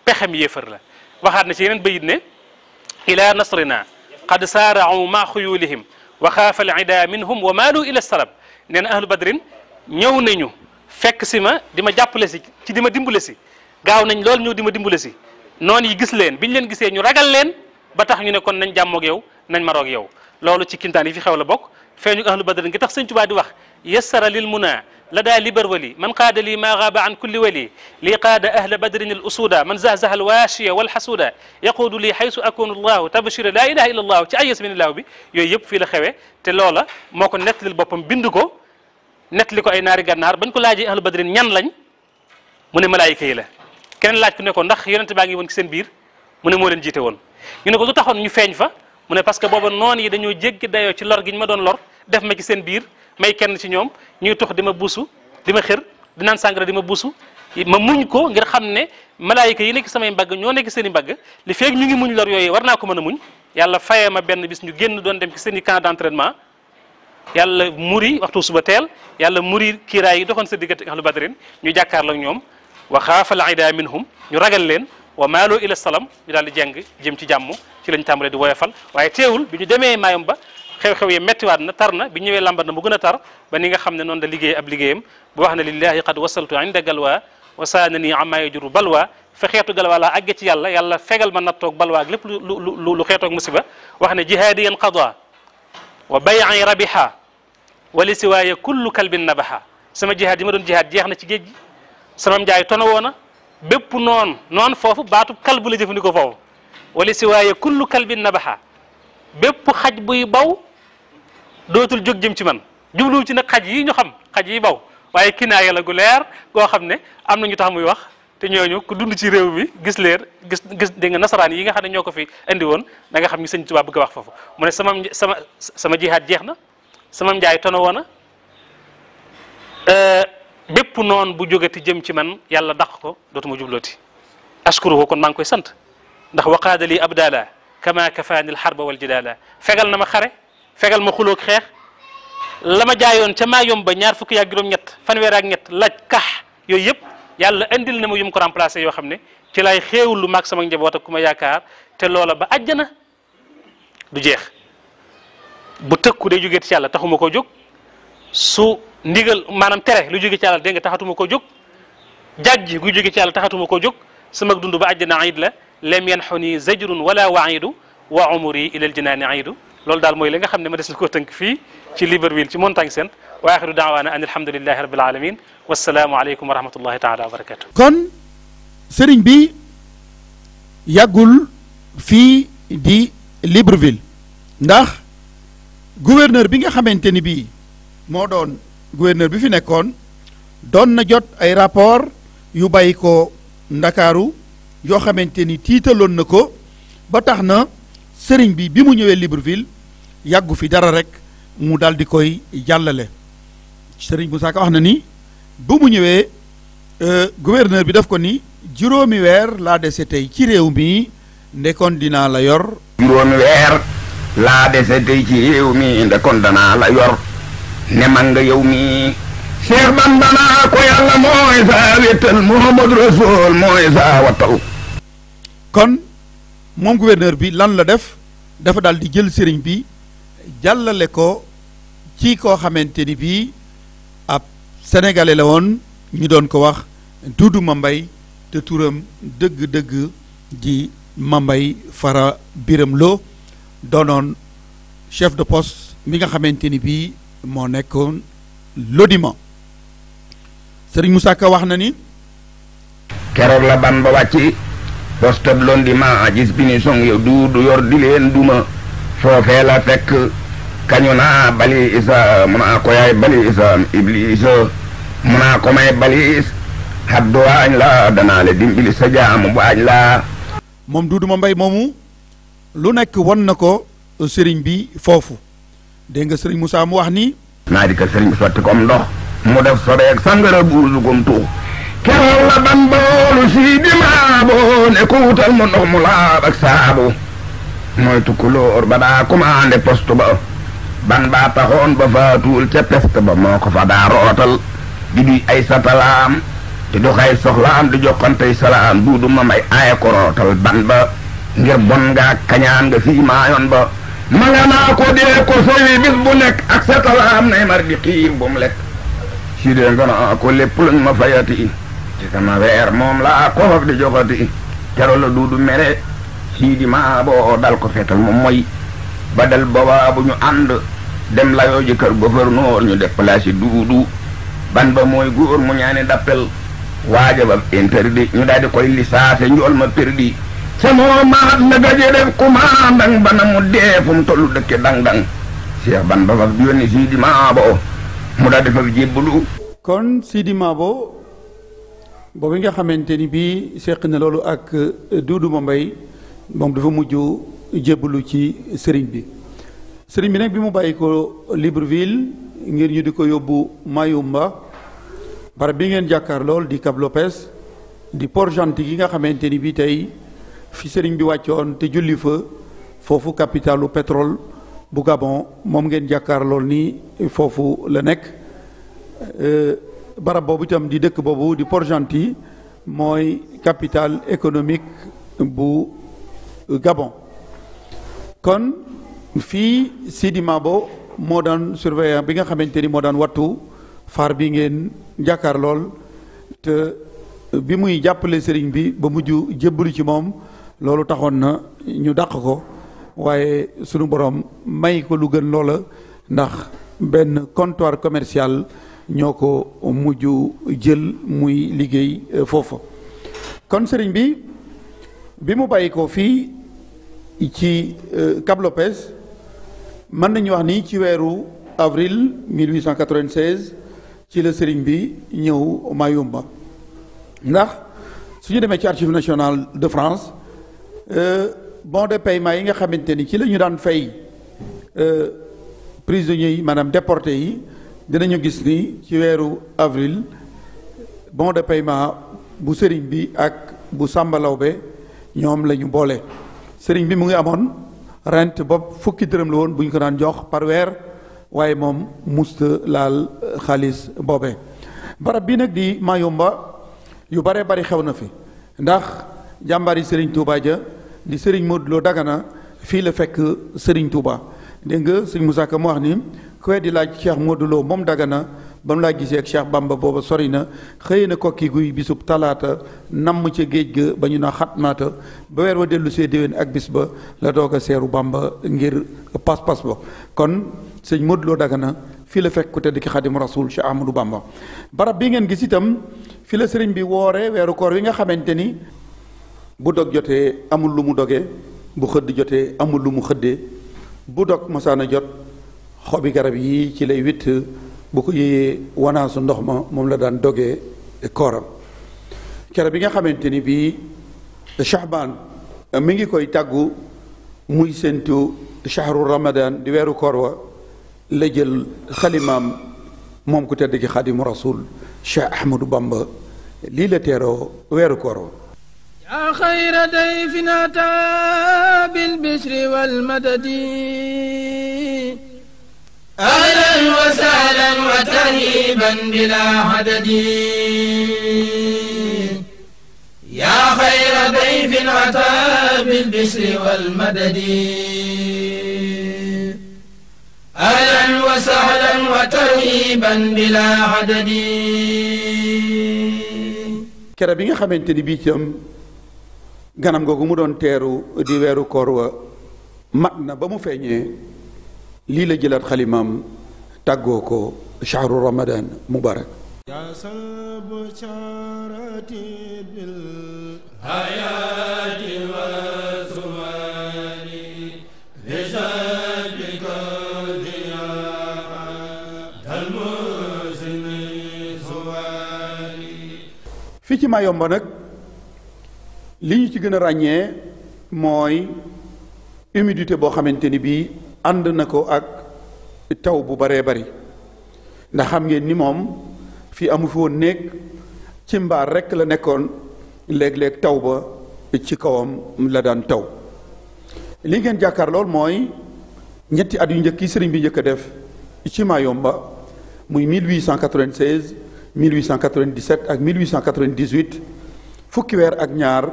pexem yéefar la waxaat na ci yeneen bayit ne ila nasrina qad saarau ma xuyulihim wa xaafa al ida minhum wa maalu ila salab nee na ahlu badrin ñëw nañu fekk si ma di ma jàppale si ci di ma dimbale si gaaw nañ lool ñëw di ma dimbale si noonu yi gis leen biñ leen gisee ñu ragal leen ba tax ñu ne kon nañ jàmmoog yow nañ maroog yow loolu ci kintaan yi fi xew la bokk فين أهل بدر قد تحسن تبعد وح يسر للمنع لدى لبر ولي من قاد لي ما غاب عن كل ولي لي قاد أهل بدرن الأسودة من زهزه الواشية والحسودة يقود لي حيث أكون الله تبشر لا إله إلا الله تأيس من الله بي يجب في الخوة تلولا ما كن نتل البطن بندقو نتلكو أي نار جنار بنكو لاجي أهل بدر ينلن من ملايكة إلى كان لاجي يكون نخ يرن تبعي ونكسن بير من مولن جيتون ينكو تتحون يفنفا mu ne parce que booba noon yi dañoo jéggi dayoo ci lor gi ñu ma doon lor def ma ci seen biir may kenn ci ñoom ñuy tux di ma buusu di ma xër di naan sàngara di ma buusu ma muñ ko ngir xam ne malaayika yi nekk samay mbagg ñoo nekk seen i mbagg li feeg ñu ngi muñ lor yooyu war naa ko mën a muñ yàlla fayee ma benn bis ñu génn doon dem ci seen i camp d'entraînement yàlla muri waxtu suba teel yàlla muri kiiraay yi doxoon sa diggante ahlu badrin ñu jàkkaarloo ak ñoom wa xaafal ida minhum ñu ragal leen wa maalo ila salam bi daal di jàng jëm ci jàmm ci lañ tàmbalee di woyofal waaye teewul bi ñu demee maayom ba xew-xew yi méttiwaat na tar na bi ñëwee lambat na mu gën a tar ba ni nga xam ne noonu la liggéey ab liggéeyam bu wax ne lillahi qad wasaltu inda galwa wasaana nii amma yajuru balwa fa xeetu galwa laa àgge ci yàlla yàlla fegal ma nattoog balwa ak lépp lu lu xeetoog musiba wax ne jihaadiyan qada wa bayan rabiha wali siwaaya kullu kalbin nabaha sama jihaad yi ma doon jihaad jeex na ci géej gi sama njaay tono woona bépp noon noon foofu baatu kalbu la jëfandikoo foofu wala si waaye kullu kalbin nabaxa bépp xaj buy baw dootul jóg jëm ci man jubluwu ci nag xaj yi ñu xam xaj yi baw waaye kinaaya la gu leer goo xam ne am na ñu tax muy wax te ñoo ñooñu ku dund ci réew mi gis leer gis gis dégg nga nasaraan yi nga xam ne ñoo ko fi indi woon da nga xam ni sëñ Tuubaa bugg a wax foofu mu ne sama sama sama jihaad jeex na sama njaay tono woona bépp noon bu jógati jëm ci man yàlla daq ko dootuma jublooti askuruhu kon maa ngi koy sant ndax waqaada lii abdaala kama kafaani alxarba wal jidaala fegal na ma xare fegal ma xuloog xeex la ma jaayoon ca maa yom ba ñaar fukki yaag juróom ñett fanweer ak ñett laaj kax yooyu yëpp yàlla indil na ma yum ko remplacé yoo xam ne ci laay lu maag sama njaboot ak ku ma yaakaar te loola ba àjjana du jeex bu tëkku day jógee ci yàlla taxuma koo jóg su ndigal manam tere lu jóge ci yàlla dénga nga taxatuma ko jóg jajj gu jóge ci yàlla taxatuma ko jóg sama dundu ba àjjana aid la lam yanhuni zajrun wala waidu wa umri ila aljinan aidu lol dal moy li nga xamné ma dess ko teunk fi ci Libreville ci montagne sen wa akhiru da'wana an alhamdulilahi rabbil alamin wassalamu alaykum wa rahmatullahi taala wa barakatuh kon serign bi yagul fi di Libreville ndax gouverneur bi nga xamanteni bi moo doon gouverneur bi fi nekkoon doon na jot ay rapport yu bàyyi ko ndakaaru yoo xamante ni tiitaloon na ko ba tax na sëriñ bi bi mu ñëwee Libreville yàggu fi dara rek mu daal di koy jàllale sëriñ bu Ka wax na ni bu mu ñëwee euh, gouverneur bi daf ko ni juróomi weer laa dese tey ci réew mi ndekoon dinaa la yor juróomi weer laa dese tey ci réew la yor ne man nga yow mii Cheikh Bamba ko yàlla mooy saa wéttal Muhammad Rasul mooy saa wattal kon moom gouverneur bi lan la def dafa daal di jël sëriñ bi jàllale ko ci koo xamante ni bii ab sénégalais la woon ñu doon ko wax Duudu Mambay te turam dëgg-dëgg di Mambay Fara Biram loo doonoon chef de poste bi nga xamante ni bii moo nekkoon lodima sëriñ Moussa wax na ni keroog la ban ba wàcci postab londima gis bi ni song yow du yor di leen duma foofee la fekk kañu naa bali isa mu naa ko yaay bali isa iblisa mu naa ko may balis xaddu waañ la danaa le dimbili sa jaam waañ la moom Dudu Mbaye moomu lu nekk won na ko sëriñ bi foofu dégg nga sëriñ Moussa mu wax ni. na di ko sëriñ sotti comme ndox mu def ak sangara buusugum tuux keroog la ban boolu si di maabo ne ko mo ndox mu la ak saabu mooy tukkulóor ba daa commandé poste ba ban ba taxon ba fatul ca peste ba moko fa da rotal di di ay satalam di doxay am di joxantey salaam du ma may ay ko rotal ban ba ngir bon nga kañaan nga ma yon ba ma naa ko dee ko sowi bis bu nekk ak setal am nay mar di xiim bu lekk si dee nga naa ko lépp luñ ma fayati ci sama moom laa ko faf la duudu mere sii di maa boo dal ko fetal moom moy ba dal boobaa bu ñu ànd dem layoo ji kër gouverneur ñu déplacé duudu ban ba moy góor mu ñaani dappel waaja ba interdit ñu daal di koy lisaase njool ma semua maat na gajeren kumandang ba na mu dee fu mu toll dang-dang Cheikh Ban babak fab yónni Sidi mabo mu di fa kon Sidi Maabo boobu nga xamante bi bii seq na loolu ak eh, Duudu Mambay moom dafa muju jebulu ci sëriñ bi sering bi nag bi mu bàyyi ko Libreville ngir ñu diko yobbu Mayumba bar bi ngeen jàkkaar lol di Cap Lopez di Port Gentil gi nga xamanteni bi tay fi sëriñ bi wàccoon Fofu julli ou pétrole bu Gabon moom ngeen Fofu Lenek, nii Didek Bobu, du di Port-Gentil Moi, capitale économique bu Gabon kon fi Sidi Mabo surveillant bi nga Watu, ni moo Lol, bi ngeen jàkkaar te bi bi ba ci loolu taxoon na ñu dakk ko waaye suñu borom may ko lu gën loola ndax comptoir commercial ñoo ko mujj muy liggéey euh, foofa kon sëriñ bi bi mu ko euh, Cap Lopez mën nañu wax ni ci weeru avril 1896 ci la sëriñ bi ñëw Mayumba ndax su ñu ci archive de France euh, bon de paiement yi nga xamanteni ci lañu daan fay euh prisonniers yi manam déportés yi dinañu gis ni ci wéru avril bon de paiement bu serigne bi ak bu sàmbalaw be ñoom la ñu boole bi mu ngi amone rent bob fukki dërëm la woon buñ ko daan jox par wér waaye moom musta laal euh, xaalis boobe barab bi nag di Mayumba yu bare bari xew na fi ndax jàmbaar yi Serigne Touba ja di Serigne Modou Lo Dagana fii la fekk Serigne Touba dégg nga Serigne Moussa Ka mu ni ku di laaj Cheikh Modou moom Dagana ba mu laa gisee ak Cheikh Bamba booba sori na xëy na kokki guy bisub talaata namm ca géej ga ba ñu na xatmaata ba weer wa dellu see déwén ak bis ba la doog a seeru Bamba ngir pas-pas ba kon Serigne Modou Lo Dagana fii la fekk ku tedd ki Xaadimu Rasuul Cheikh Ahmadou Bamba barab bi ngeen gis itam fi la sëriñ bi woore weeru koor wi nga xamante ni bu dog jotee amul lu mu dogee bu xëdd jotee amul lu mu xëddee bu dog masaana jot xobi garab yii ci lay witt bu ko yéeyee wanaasu ndox ma moom la daan dogee kooram kere bi nga xamante ni bii Shahbaan mi ngi koy tàggu muy séentu shahru Ramadan di weeru koor wa la jël xalimaam moom ku tedd ki xaadimu rasul Cheikh Ahmadou Bamba lii la teeroo weeru koor wa أخير ديف أتى بالبشر والمدد أهلا وسهلا وترهيبا بلا عدد يا خير ضيف أتى بالبشر والمدد أهلا وسهلا وترهيبا بلا عدد كربين خمنتني بيتم ganam googu mu doon teeru di weeru koor wa mat na ba mu feeñee lii la jëlaat xalimaam tàggoo ko shahru ramadan mubarak fi ci Mayomba nag li ñu ci gën a ràññee mooy humidité boo xamante ni bii ànd na ko ak taw bu baree bari ndax xam ngeen ni moom fii amu fi woon néeg ci mbaar rekk la nekkoon léeg-léeg taw ba ci kawam la daan taw li ngeen jàkkaar lool mooy ñetti at yu njëkk yi sëriñ bi njëkk a def ci Mayomba muy 1896 1897 ak 1898 fukki weer ak ñaar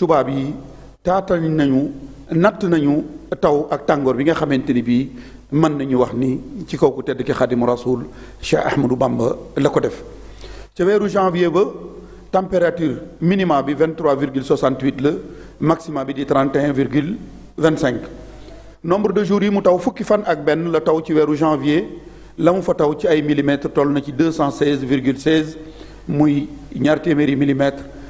tubaab yi taatal nañu natt nañu taw ak tàngoor bi nga xamante ni bii mën nañu wax ni ci kaw ku tedd ki xadimu rasul Cheikh Ahmadou Bamba la ko def ca weeru janvier ba température minima bi 23 virgule 68 la maxima bi di 31 virgule 25 nombre de jours yi mu taw fukki fan ak benn la taw ci weeru janvier la mu fa taw ci ay millimètre toll na ci 216 virgule 16 muy ñaar téeméeri millimètre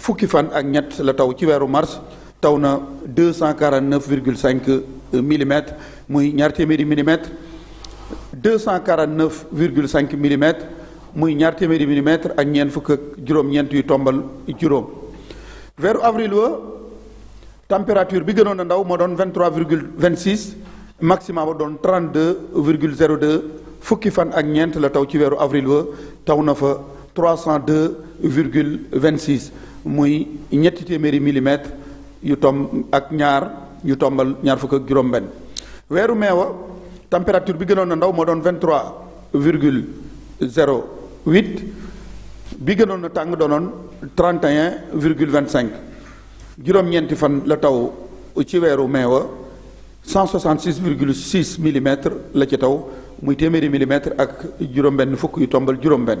fukki fan ak ñet la taw ci wéru mars taw na deux cent quarante neuf virgule cinq millimètres muy ñaar téméri mm deux cent quarante neuf virgule cinq millimètres muy ñaar téméri mm ak ñen fukk juroom ñent yu tombal juroom weeru avril wa température bi gënon na ndaw mo don vingt trois virgule vingt six maximum wa don trente deux virgule zéro deux fukki fan ak ñent la taw ci wéru avril wa taw na fa trois cent deux virgule vingt six muy ñetti téméri millimètre yu tom ak ñaar yu tombal ñaar fukk ak juróom-benn weeru mai température bi gënoon na ndaw moo doon 23 virgule 0 bi gënoon na tàng doonoon 31 virgule 25 juróom-ñeenti fan la taw ci weeru mai wa 166 virgule 6 millimètres la ci taw muy téeméeri millimètre ak juróom-benn fukk yu tombal juróom-benn.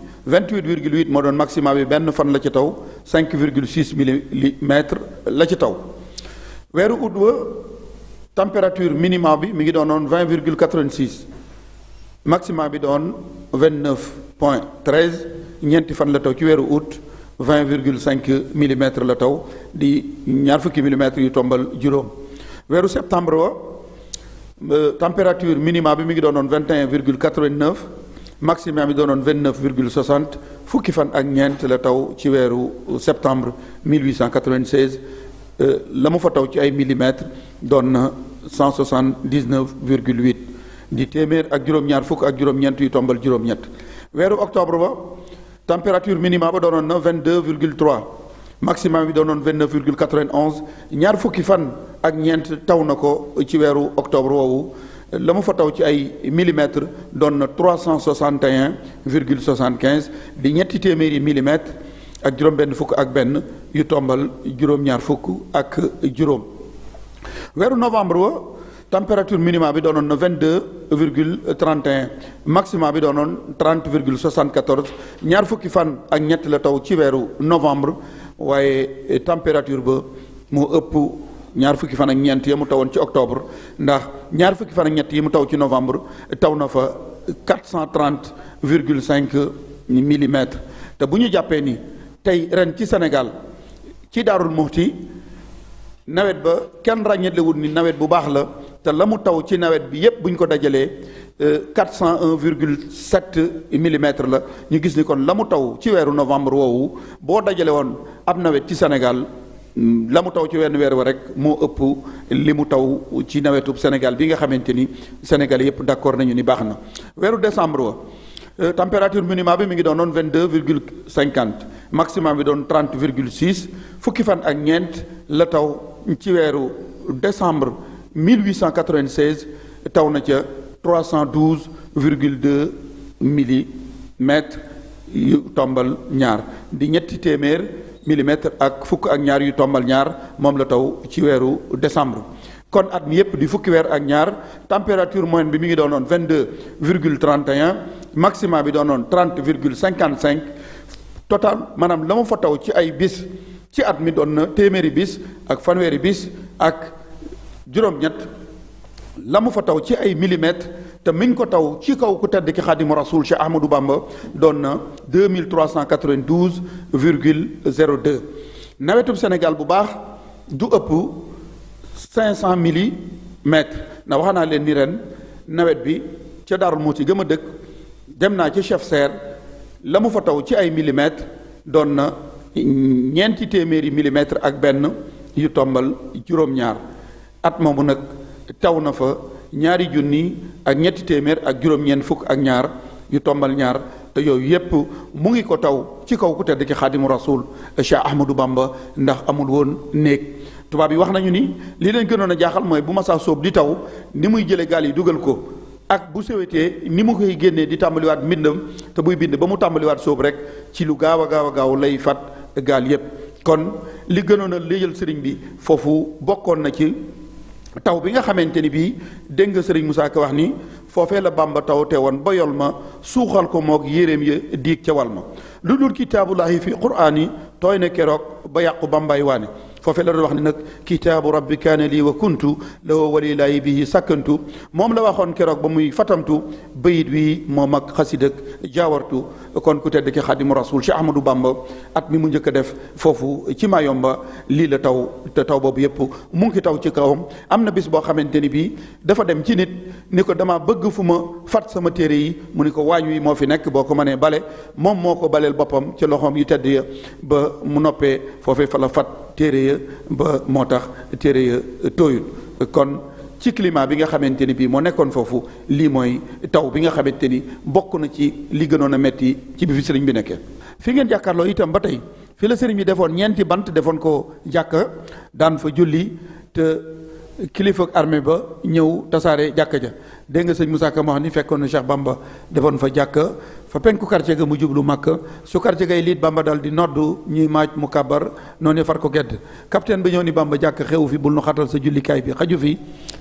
28,8 virgule 8 moo doon maximum bi benn fan la ci taw 5,6 virgule la ci taw weeru ut wa température minimum bi mi ngi doonoon 20 virgule maximum bi doon 29.13 point ñeenti fan la taw ci weeru ut 20,5 virgule la taw di ñaar fukki millimètres yu tombal juróom weeru septembre wa température minimum bi mi ngi doonoon 21 virgule Maximum, il donne 29,60. Faut qu'il fasse un nient, la taille, septembre 1896. Euh, la moufata, qui un millimètre, donne 179,8. Di leur avec du rhum, il faut qu'il a octobre, la température minimale, il donne 22,3. Maximum, il donne 29,91. Il faut qu'il un nako la taille, octobre, la photo fa taw ci ay millimètres doon na trois et di ñetti ak juróom Vers fuk ak ben yu tombal ñaar fuk ak novembre température minima bi 22,31 na maxima bi donon 30,74 ñaar fukki fan ak ñett la taw ci wéru novembre waaye température ba mou ëpp. ñaar fukki fan ak ñeent yi mu tawoon ci octobre ndax ñaar fukki fan ak ñett yi mu taw ci novembre taw na fa quatre cent trente cinq millimètres te bu ñu jàppee ni tey ren ci Sénégal ci Daarul Muxti nawet ba kenn ràññeelewul ni nawet bu baax la te la mu taw ci nawet bi yépp bu ñu ko dajalee euh, quatre cent un virgule sept millimètres la ñu gis ni kon la mu taw ci weeru novembre woowu boo dajale woon ab nawet ci Sénégal lamu taw ci wenn wër wa rek mo ëpp limu taw ci nawetu Sénégal bi nga xamanteni Sénégal yépp d'accord nañu ni baxna wëru décembre wa euh, température minimum bi mi ngi doon 22,50 maximum bi doon 30,6 fukki fan ak ñent la taw ci wëru décembre 1896 taw na ca 312,2 mm tombal ñaar di ñetti témèr millimètres ak fukk ak ñaar yu tombal ñaar moom la taw ci weeru décembre. kon at mi yëpp di fukki weer ak ñaar température moyenne bi mi ngi doonoon vingt deux virgule trente et un maximum bi doonoon trente virgule cinq total maanaam la mu fa taw ci ay bis ci at mi doon na téeméeri bis ak fanweeri bis ak juróom-ñett la mu fa taw ci ay millimètres. te ngi ko taw ci kaw ku tedd ki xaadimu rasul Cheikh Ahmadou Bamba doon na 2392 virgule 02 nawetub Sénégal bu baax du ëpp 500 millimètres na wax naa leen ni ren nawet bi ca Daarul Muuti gëm a dëkk dem naa ci chef serre la mu fa taw ci ay millimètres doon na ñeenti téeméeri millimètres ak benn yu tombal juróom-ñaar at moomu nag taw na fa ñaari junni ak ñetti téeméer ak juróom-ñeent fukk ak ñaar yu tombal ñaar te yooyu yépp mu ngi ko taw ci kaw ku tedd ki xaadimu rasul Cheikh Ahmadou Bamba ndax amul woon néeg tubaab yi wax nañu ni li leen gënoon a jaaxal mooy bu masaa soob di taw ni muy jële gaal yi dugal ko ak bu sewetee ni mu koy génnee di tàmbaliwaat mbindam te muy bind ba mu tàmbaliwaat sóob rek ci lu gaaw a gaaw a gaaw lay fat gaal yépp kon li gënoon a léjal sëriñ bi foofu bokkoon na ci taw bi nga xamante ni bii dégg nga sëriñ Moussa Ka wax ni foofee la Bàmba taw te woon ba yol ma suuxal ko moog yéreem ya diig ca wal ma lu dul yi fi quraan yi tooy ne keroog ba yàqu bàmbaay waane foofee la doon wax ne nag kitaabu rabbi kaana lii wa kuntu lahu walilaahi bihi sakkantu moom la waxoon keroog ba muy fatamtu bayit wi moom ak xasid ak jaawartu kon ku tedd ki xadimu rasul Cheikh Ahmadou Bamba at mi mu njëkk a def foofu ci Mayomba lii la taw te taw boobu yëpp mu ngi taw ci kawam am na bis boo xamante ni bii dafa dem ci nit ni ko dama bëgg fu ma fat sama téere yi mu ni ko waañ wi moo fi nekk boo ko mënee bale moom moo ko baleel boppam ci loxoom yu tedd ya ba mu noppee foofee fa la fat téere ya ba moo tax téere ya tooyut kon ci climat bi nga xamante ni bii moo nekkoon foofu lii mooy taw bi nga xamante ni bokk na ci li gënoon a metti ci bi fi sëriñ bi nekkee fi ngeen jàkkaarloo itam ba tey fi la sëriñ bi defoon ñeenti bant defoon ko jàkka daan fa julli te kilifa armée ba ñëw tasaare jàkka ja dégg nga sëñ Moussa Ka ma wax ni fekkoon na Cheikh Bamba defoon fa jàkka fa penku quartier ga mu jublu Makka su quartier gay liit Bamba dal di noddu ñuy maaj mu kàbbar noonu far ko gedd capitaine ba ñoo ni Bamba jàkk xewu fi bul nu xatal sa jullikaay bi xaju fi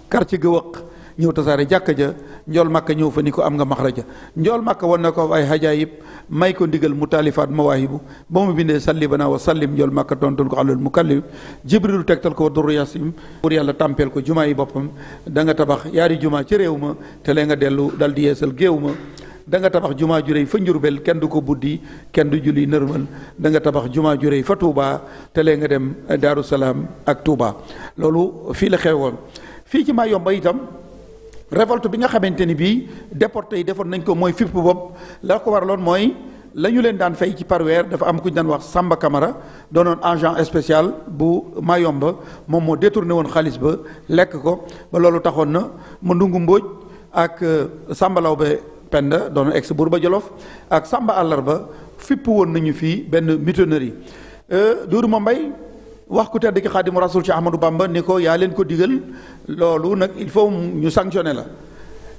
quartier ga wëq ñëw tasaare jàkka ja njool màkka ñëw fa ni ko am nga maxraja njool màkka wan na ko ay xajaayib may ko ndigal mu taalifaat mawaahibu ba mu bindee salli banaa wa sallim njool màkka tontul ko alal mukallim jibrilu tegtal ko wa duru yasim pour yàlla tàmpeel ko jumaa yi boppam danga tabax yaari jumaa ci réew ma te lee nga dellu dal di yeesal géew ma da nga tabax jumaa ju réy fa njurbel kenn du ko buddi kenn du julli nërmal da nga tabax jumaa ju réy fa Touba te nga dem Daaru Salaam ak Touba loolu fii la xewoon fii ci maa yomba itam révolte bi nga xamante ni bii déporté yi defoon nañ ko mooy fipp bopp la ko waraloon mooy la ñu leen daan fay ci par dafa am ku ñu daan wax Samba Camara doonoon agent spécial bu Mayomba moom moo détourné woon xaalis ba lekk ko ba loolu taxoon na ma ndungu mbóoj ak euh, Samba Lawbe Penda doonoon ex ba Jolof ak Samba Àllarba fipp woon nañu fii benn mutinerie euh, Doudou mbay wax ku tedd ki xaadimu rasul ci Ahmadou Bamba ni ko yaa leen ko digal loolu nag il faut ñu sanctionné la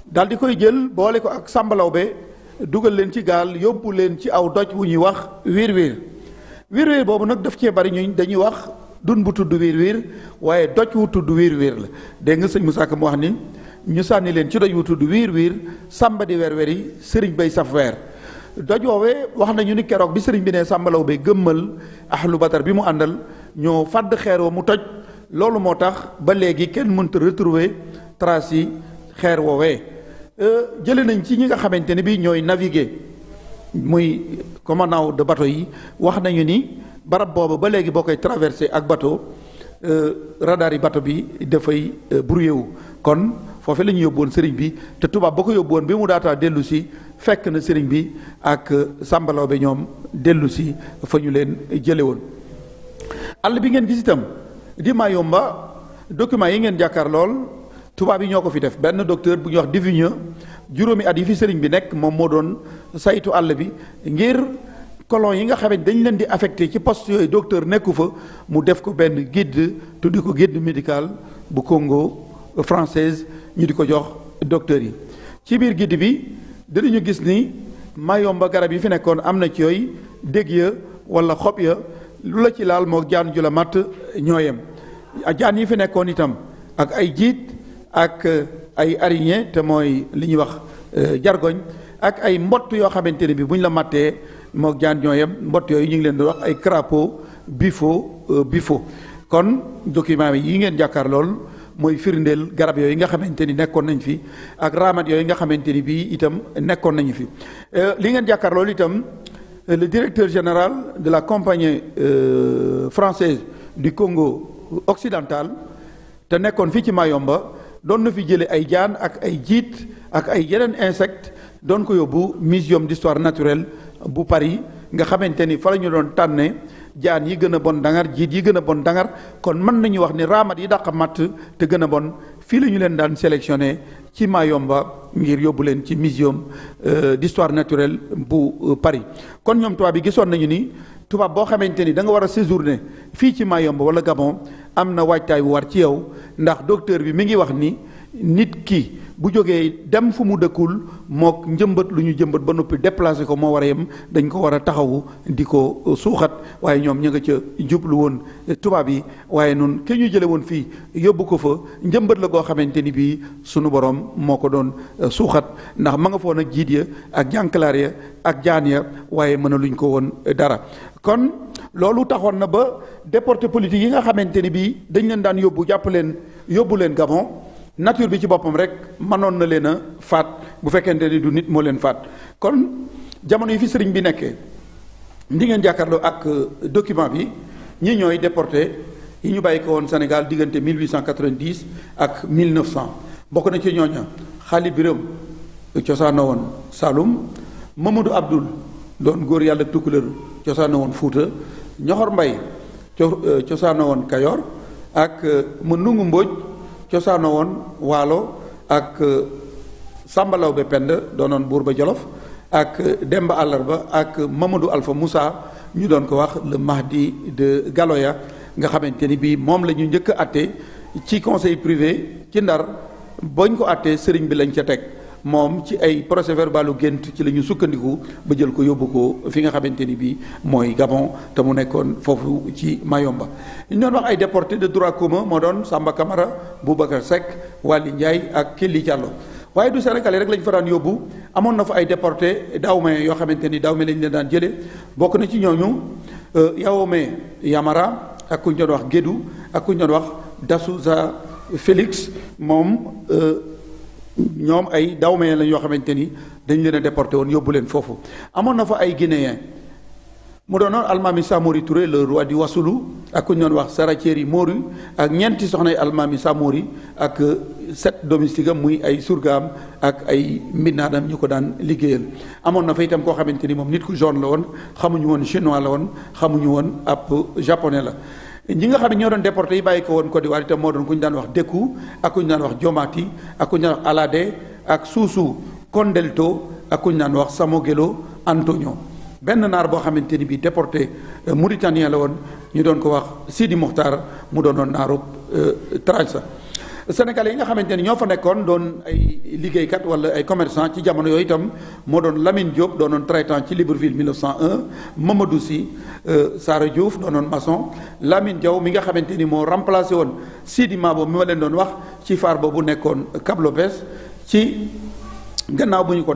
daal di koy jël boole ko ak sàmbalaw be dugal leen ci gaal yóbbu leen ci aw doj wu ñuy wax wiir wiir wiir wiir boobu nag daf cee bari ñu dañuy wax dun bu tudd wiir wiir waaye doj wu tudd wiir wiir la dégg sëñ Moussa Ka mu wax ni ñu sànni leen ci doj wu tudd wiir wiir sàmba di weer weer yi sëriñ bay saf weer doj woowee wax nañu ni keroog bi sëriñ bi ne sàmbalaw be gëmmal ahlu badar bi mu àndal ñoo fàdd xeer wa mu toj loolu moo tax ba léegi kenn mënta retrouver trace yi xeer woowee euh, jële nañ ci ñi nga xamante ni bi ñooy naviguer muy commandant de bateau yi wax nañu ni barab booba ba léegi boo koy traversé ak bateau euh, radar yi bateau bi dafay euh, brouillé wu kon foofe la ñu yóbbu woon sëriñ bi te tubaab ba ko yóbbu woon bi mu daataa dellu si fekk na sëriñ bi ak sàmbaloo bi ñoom dellu si fa ñu leen jële woon àll bi ngeen gis itam di Mayumba document yi ngeen jàkkaar lool tubaab bi ñoo ko fi def benn docteur bu ñuy wax Divigneux juróomi at yi fi sëriñ bi nekk moom moo doon saytu àll bi ngir colon yi nga xam dañ leen di affecté ci poste yooyu docteur nekku fa mu def ko benn guide tuddi ko guide médical bu Congo française ñu di ko jox docteur yi ci biir guide bi dinañu gis ni mayomba garab yi fi nekkoon am na ci yooyu dég ya wala xob ya lu ci laal moo jaan ju la matt ñooyam jaan yi fi nekkoon itam ak ay jiit ak eh, ay araignée te mooy li ñuy wax eh, jargoñ ak ay mbott yoo xamante ne bi buñ la mattee moo jaan ñooyam mbott yooyu ñu ngi leen di wax ay crapaud bifo eh, bifo kon document yi ngeen jàkkaar lool mooy firndeel garab yooyu nga xamante ni nekkoon nañ fi ak raamat yooyu nga xamante ni bii itam nekkoon nañu fi li ngeen jàkkaar loolu itam euh, le directeur général de la compagnie euh, française du Congo occidental te nekkoon fii ci Mayomba doon na fi jëlee ay jaan ak ay ak ay yenen insectes don ko muséum d'histoire naturelle bu Paris nga xamante ni fa lañu don tanné jaan yi gën a bon dangar jiit yi gën a bon dangar kon mën nañu wax ni raamat yi dàq matt te gën a bon fii la ñu leen daan sélectionné ci Mayomba ngir yóbbu leen ci muséum euh, d'histoire naturelle bu euh, Paris kon ñoom tubaab bi gisoon nañu ni tubaab boo xamante ni da nga war a séjourné fii ci Mayomba wala Gabon am na waajtaay bu war ci yow ndax docteur bi mi ngi wax ni nit ki bu jógee dem fu mu dëkkul mook njëmbat lu ñu jëmbat ba noppi déplacé ko moo war a yem dañ ko war a taxawu di ko euh, suuxat waaye ñoom ña nga ca jublu woon euh, tubaab yi waaye noonu ke ñu jële woon fii yóbbu ko fa njëmbat la koo xamante ni bii sunu borom moo ko doon euh, suuxat ndax ma nga foon ak jiit ya ak jànkalaar ya ak jaan ya waaye mën a luñ ko woon dara kon loolu taxoon na ba déporté politique yi nga xamante ni bii dañ leen daan yóbbu jàpp leen yóbbu leen Gabon nature bi ci boppam rek mënoon na leen a faat bu fekkente ni du nit moo leen faat kon jamono yi fi sëriñ bi nekkee di ngeen jàkkaarloo ak euh, document bi ñi ñooy déporté yi ñu bàyyi ko woon Sénégal diggante 1890 ak 1900 bokk na ci ñooña Xaali Biram cosaanoo woon Saloum Mamadou Abdoul doon góor yàlla tukkuleer cosaanoo woon Fuuta Ñoxor Mbay euh, cosaanoo woon Kayoor ak euh, ma nungu Mbóoj cosaano woon waalo ak euh, sàmbalaw be pend doonoon buur ba jolof ak euh, demba àllarba ak euh, mamadou alpha moussa ñu doon ko wax le mahdi de ya nga xamante ni bii moom la ñu njëkk a atte ci conseil privé ci ndar bañ ko attee sëriñ bi lañ ca teg Mom ci ay procès verbalu gént ci lañu sukkandiku ba jël ko fi nga xamanteni bi moy Gabon te mu nekkoon ci Mayomba. ñu wax ay déporté de droit commun mo doon Samba Camara Boubacar Seck ak Kelly Diallo pour du Sénégalais rek lañu fa daan na fa ay déporté yo xamanteni leen daan jëlé bokku na ci ñooñu euh, Yamara ak ku ñu doon wax Gédou ak ku ñu wax Félix euh ñoom ay dawmee lañ ni a déporté woon yóbbu na fa ay guinéen mu Samori le roi di Wasulu ak wax Saratieri Mori ak ñeenti soxnay Samori ak euh, set domestique am muy ay surgaam ak ay ñu daan ni nit ku la chinois japonais la. ñi nga xam ne ñoo doon déporté yi bàyyi ko woon Côte d'Ivoire itam moo doon ku ñu daan wax Décou ak ku ñu daan wax Diomati ak ku ñu daan wax Alade ak Soussou Kondelto ak ku ñu daan wax Samogelo Antonio benn naar boo xamante ni bii déporté euh, mauritanien la woon ñu doon ko wax Sidi Mokhtar mu doon doonoon naaru euh, sa sénégalais yi nga xamante ni ñoo fa nekkoon doon ay wala ay ci doon Lamine Diop doonoon traitant ci Libreville 1901 Mamadou Sy euh, Sara Diouf doonoon maçon Lamine Diaw mi nga xamante ni remplacé Sidi Mabo mi ma doon wax ci des Lopez ci gannaaw bu ko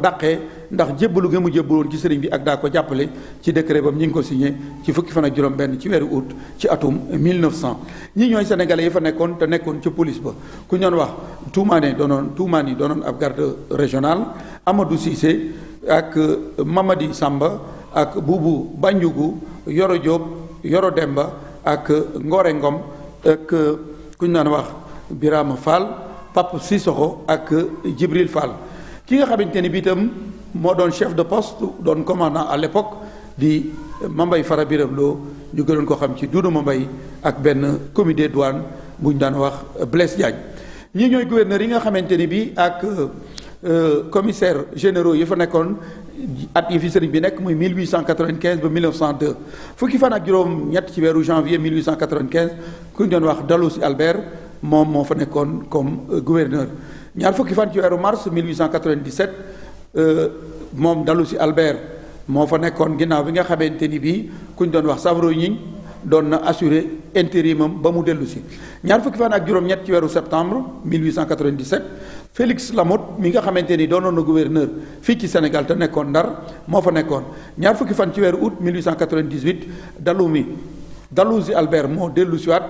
ndax jébbalu nga mu jébbaloon ci sëriñ bi ak daa ko jàppale ci décret bam ñi ngi ko signé ci fukki fan ak juróom-benn ci weeru août ci atum 1900 ñi ñooy sénégalais yi fa nekkoon te nekkoon ci police ba ku ñoon wax Toumane doonoon Toumane doonoon ab garde régional Amadou Cissé ak euh, Mamadi sàmba ak Boubou Bandiougu Yoro Diop Yoro Demba ak euh, Ngore ngoom ak euh, ku ñu naan wax Birama Fall Pape Sissoko ak Jibril Fall ki nga xamante ni bi itam moo doon chef de poste doon commandant à l'époque di Mambay Fara Biram Lo ñu gënoon ko xam ci Doudou Mambay ak benn comité douane bu ñu daan wax Blaise Diagne ñii ñooy gouverneur yi nga xamante ni bi ak euh, commissaire général... yi fa nekkoon at yi fi sëriñ bi nekk muy 1895 ba 1902 fukki fan ak juróom ñett ci weeru janvier 1895 ku ñu doon wax Dalhousie Albert moom moo fa nekkoon comme euh, gouverneur ñaar fukki fan ci weeru mars 1897 euh, moom dalu Albert mon fa nekkoon ginnaaw bi nga xamanteni ni kuñ doon wax Savro doon na assuré intérimam ba mu dellu si ñaar fukki fan ak juróom-ñett ci septembre 1897 Félix Lamotte mi nga xamante ni doonoon na gouverneur fii ci Sénégal te nekkoon Ndar moo fa nekkoon ñaar fukki fan ci weeru août 1898 dalu mi dalu Albert moo dellu siwaat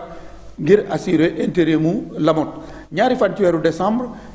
ngir assuré intérimu Lamotte ñaari fan ci au décembre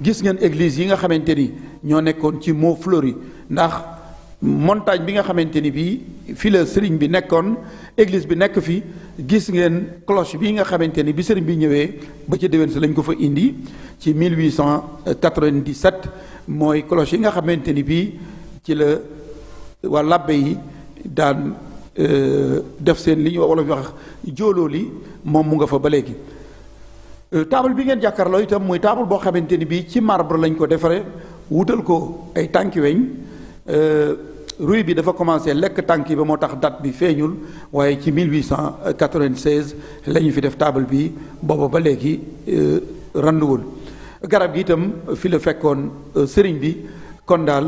gis ngeen église yi nga xamante ni ñoo nekkoon ci Mont Fleury ndax montagne bi nga xamante ni bii fii la sëriñ bi nekkoon église bi nekk fi gis ngeen cloche bi nga xamante ni bi sëriñ bi ñëwee ba ci déwén si lañ ko fa indi ci 1897 mooy cloche yi nga xamante ni bii ci la waa làbbe yi daan euh, def seen li ñu wolof wax jóoloo li moom mu nga fa ba léegi Euh, table bi ngeen jàkkaarloo itam muy table boo xamante ni bii ci marbre lañ ko defaree wutal ko ay tànki weñ euh, ruy bi dafa commencé lekk tànk ba moo tax date bi feeñul waaye ci 1896 la fi def table bi booba ba léegi euh, randuwul garab gi itam fi la fekkoon sëriñ bi kon daal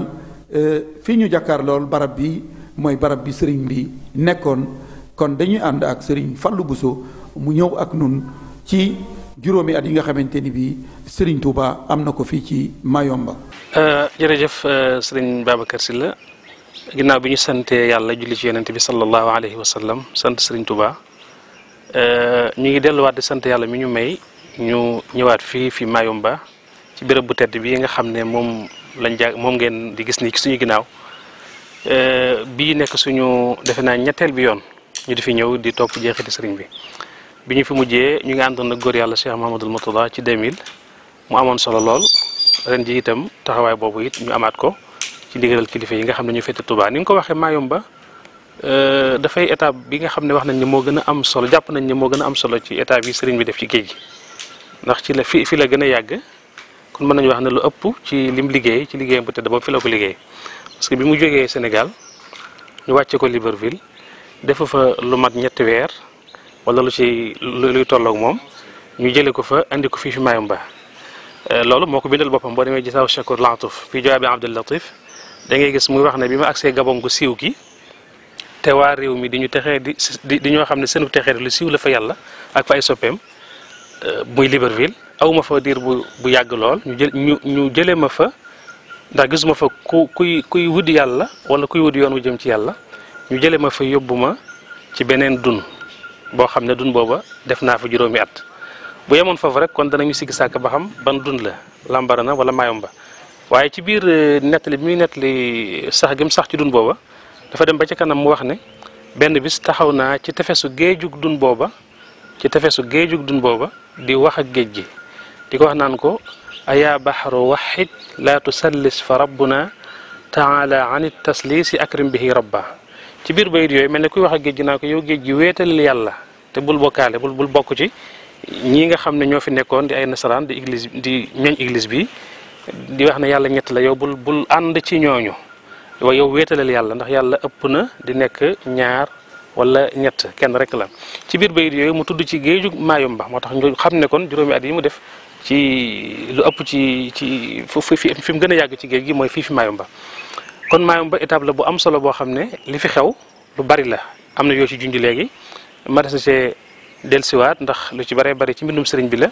fii ñu jàkkaar barab bi mooy barab bi sëriñ bi nekkoon kon dañuy ànd ak sëriñ fallu Bousso mu ñëw ak nun ci juróomi at yi nga xamante ni bi Serigne Touba am na ko fii ci Mayomba. Euh, jërëjëf euh, Serigne Babacar Sylla ginnaaw bi ñu sante yàlla julli ci yonente bi sallallahu alayhi wa sallam sant Serigne Touba euh, ñu ngi delluwaat di sant yàlla mi ñu may ñu ñëwaat fii fi Mayomba ci béréb bu tedd bi nga xam ne moom lañ jàng moom ngeen di gis nii ci suñu ginnaaw bii nekk suñu defe naa ñetteel bi yoon ñu di fi ñëw di topp jeexiti sëriñ bi bi ñu fi mujjee ñu ngi àndoon ak góor yàlla Cheikh Mahamadul Murtada ci 2000 mu amoon solo lool ren ji itam taxawaay boobu it ñu amaat ko ci ndigalal kilifa yi nga xam ne ñu féete Touba ni nga ko waxee Mayumba euh, dafay étape bi nga xam ne wax nañ ne moo gën a am solo jàpp nañ ne moo gën am solo ci étape yi sëriñ bi def ci géej gi ndax ci la fi fi la gën a yàgg kon mën nañu wax ne lu ëpp ci lim liggéey ci liggéeyam bu te boobu fi la ko liggéey parce bi mu jógee Sénégal ñu wàcce ko Libreville defu fa lu mat ñetti weer wala lu ci luy tolloog moom ñu jëlee ko fa indi ko fi fi maayum ba euh, loolu moo ko bindal boppam boo demee gisaaw Chakour Latouf fii jawaabi Abdul Latif da ngay gis muy wax ne bi ma agsee Gabon gu siiw te waa réew mi di ñu texee xam ne seenu texee lu siiw la fa yàlla ak fa ay soppeem euh, muy Libreville awma fa diir bu bu yàgg lool ñu jël ñu ñu ma fa ndax gisuma fa ku kuy kuy wut yàlla wala kuy wut yoon wu jëm ci yàlla ñu jëlee ma fa yóbbu ma ci beneen dun bo xamne dun boba def na fa juromi at bu yemon fofu rek kon danañu sigi sak ba xam ban dun la lambarana wala maayomba waye ci bir nettali mi muy sax gem sax ci dun boba dafa dem ba ci kanam mu wax ne ben bis taxawna ci tefesu geejuk dun boba ci tefesu geejuk dun boba di wax ak geejji diko wax nan ko aya bahru wahid la tusallis fa rabbuna taala an at-taslis akrim bihi rabbah ci biir bayit yooyu mel ne kuy wax a géej gi naa ko yow géej gi wéetalil yàlla te bul bokkaale bul bul bokk ci ñii nga xam ne ñoo fi nekkoon di ay nasaraan di eglise di ñooñ église bi di wax ne yàlla ñett la yow bul bul ànd ci ñooñu waaw yow wéetalil yàlla ndax yàlla ëpp na di nekk ñaar walla ñett kenn rek la ci biir bayit yooyu mu tudd ci géeju maayumba moo tax ñu xam ne kon juróomi at yi mu def ci lu ëpp ci ci fi fi mu gën a yàgg ci géej gi mooy fii fi maayumba kon maayom ba étape la bu am solo boo xam ne li fi xew lu bari la am na yoo ci junj léegi ma des na ndax lu ci baree bari ci mbindum sëriñ bi la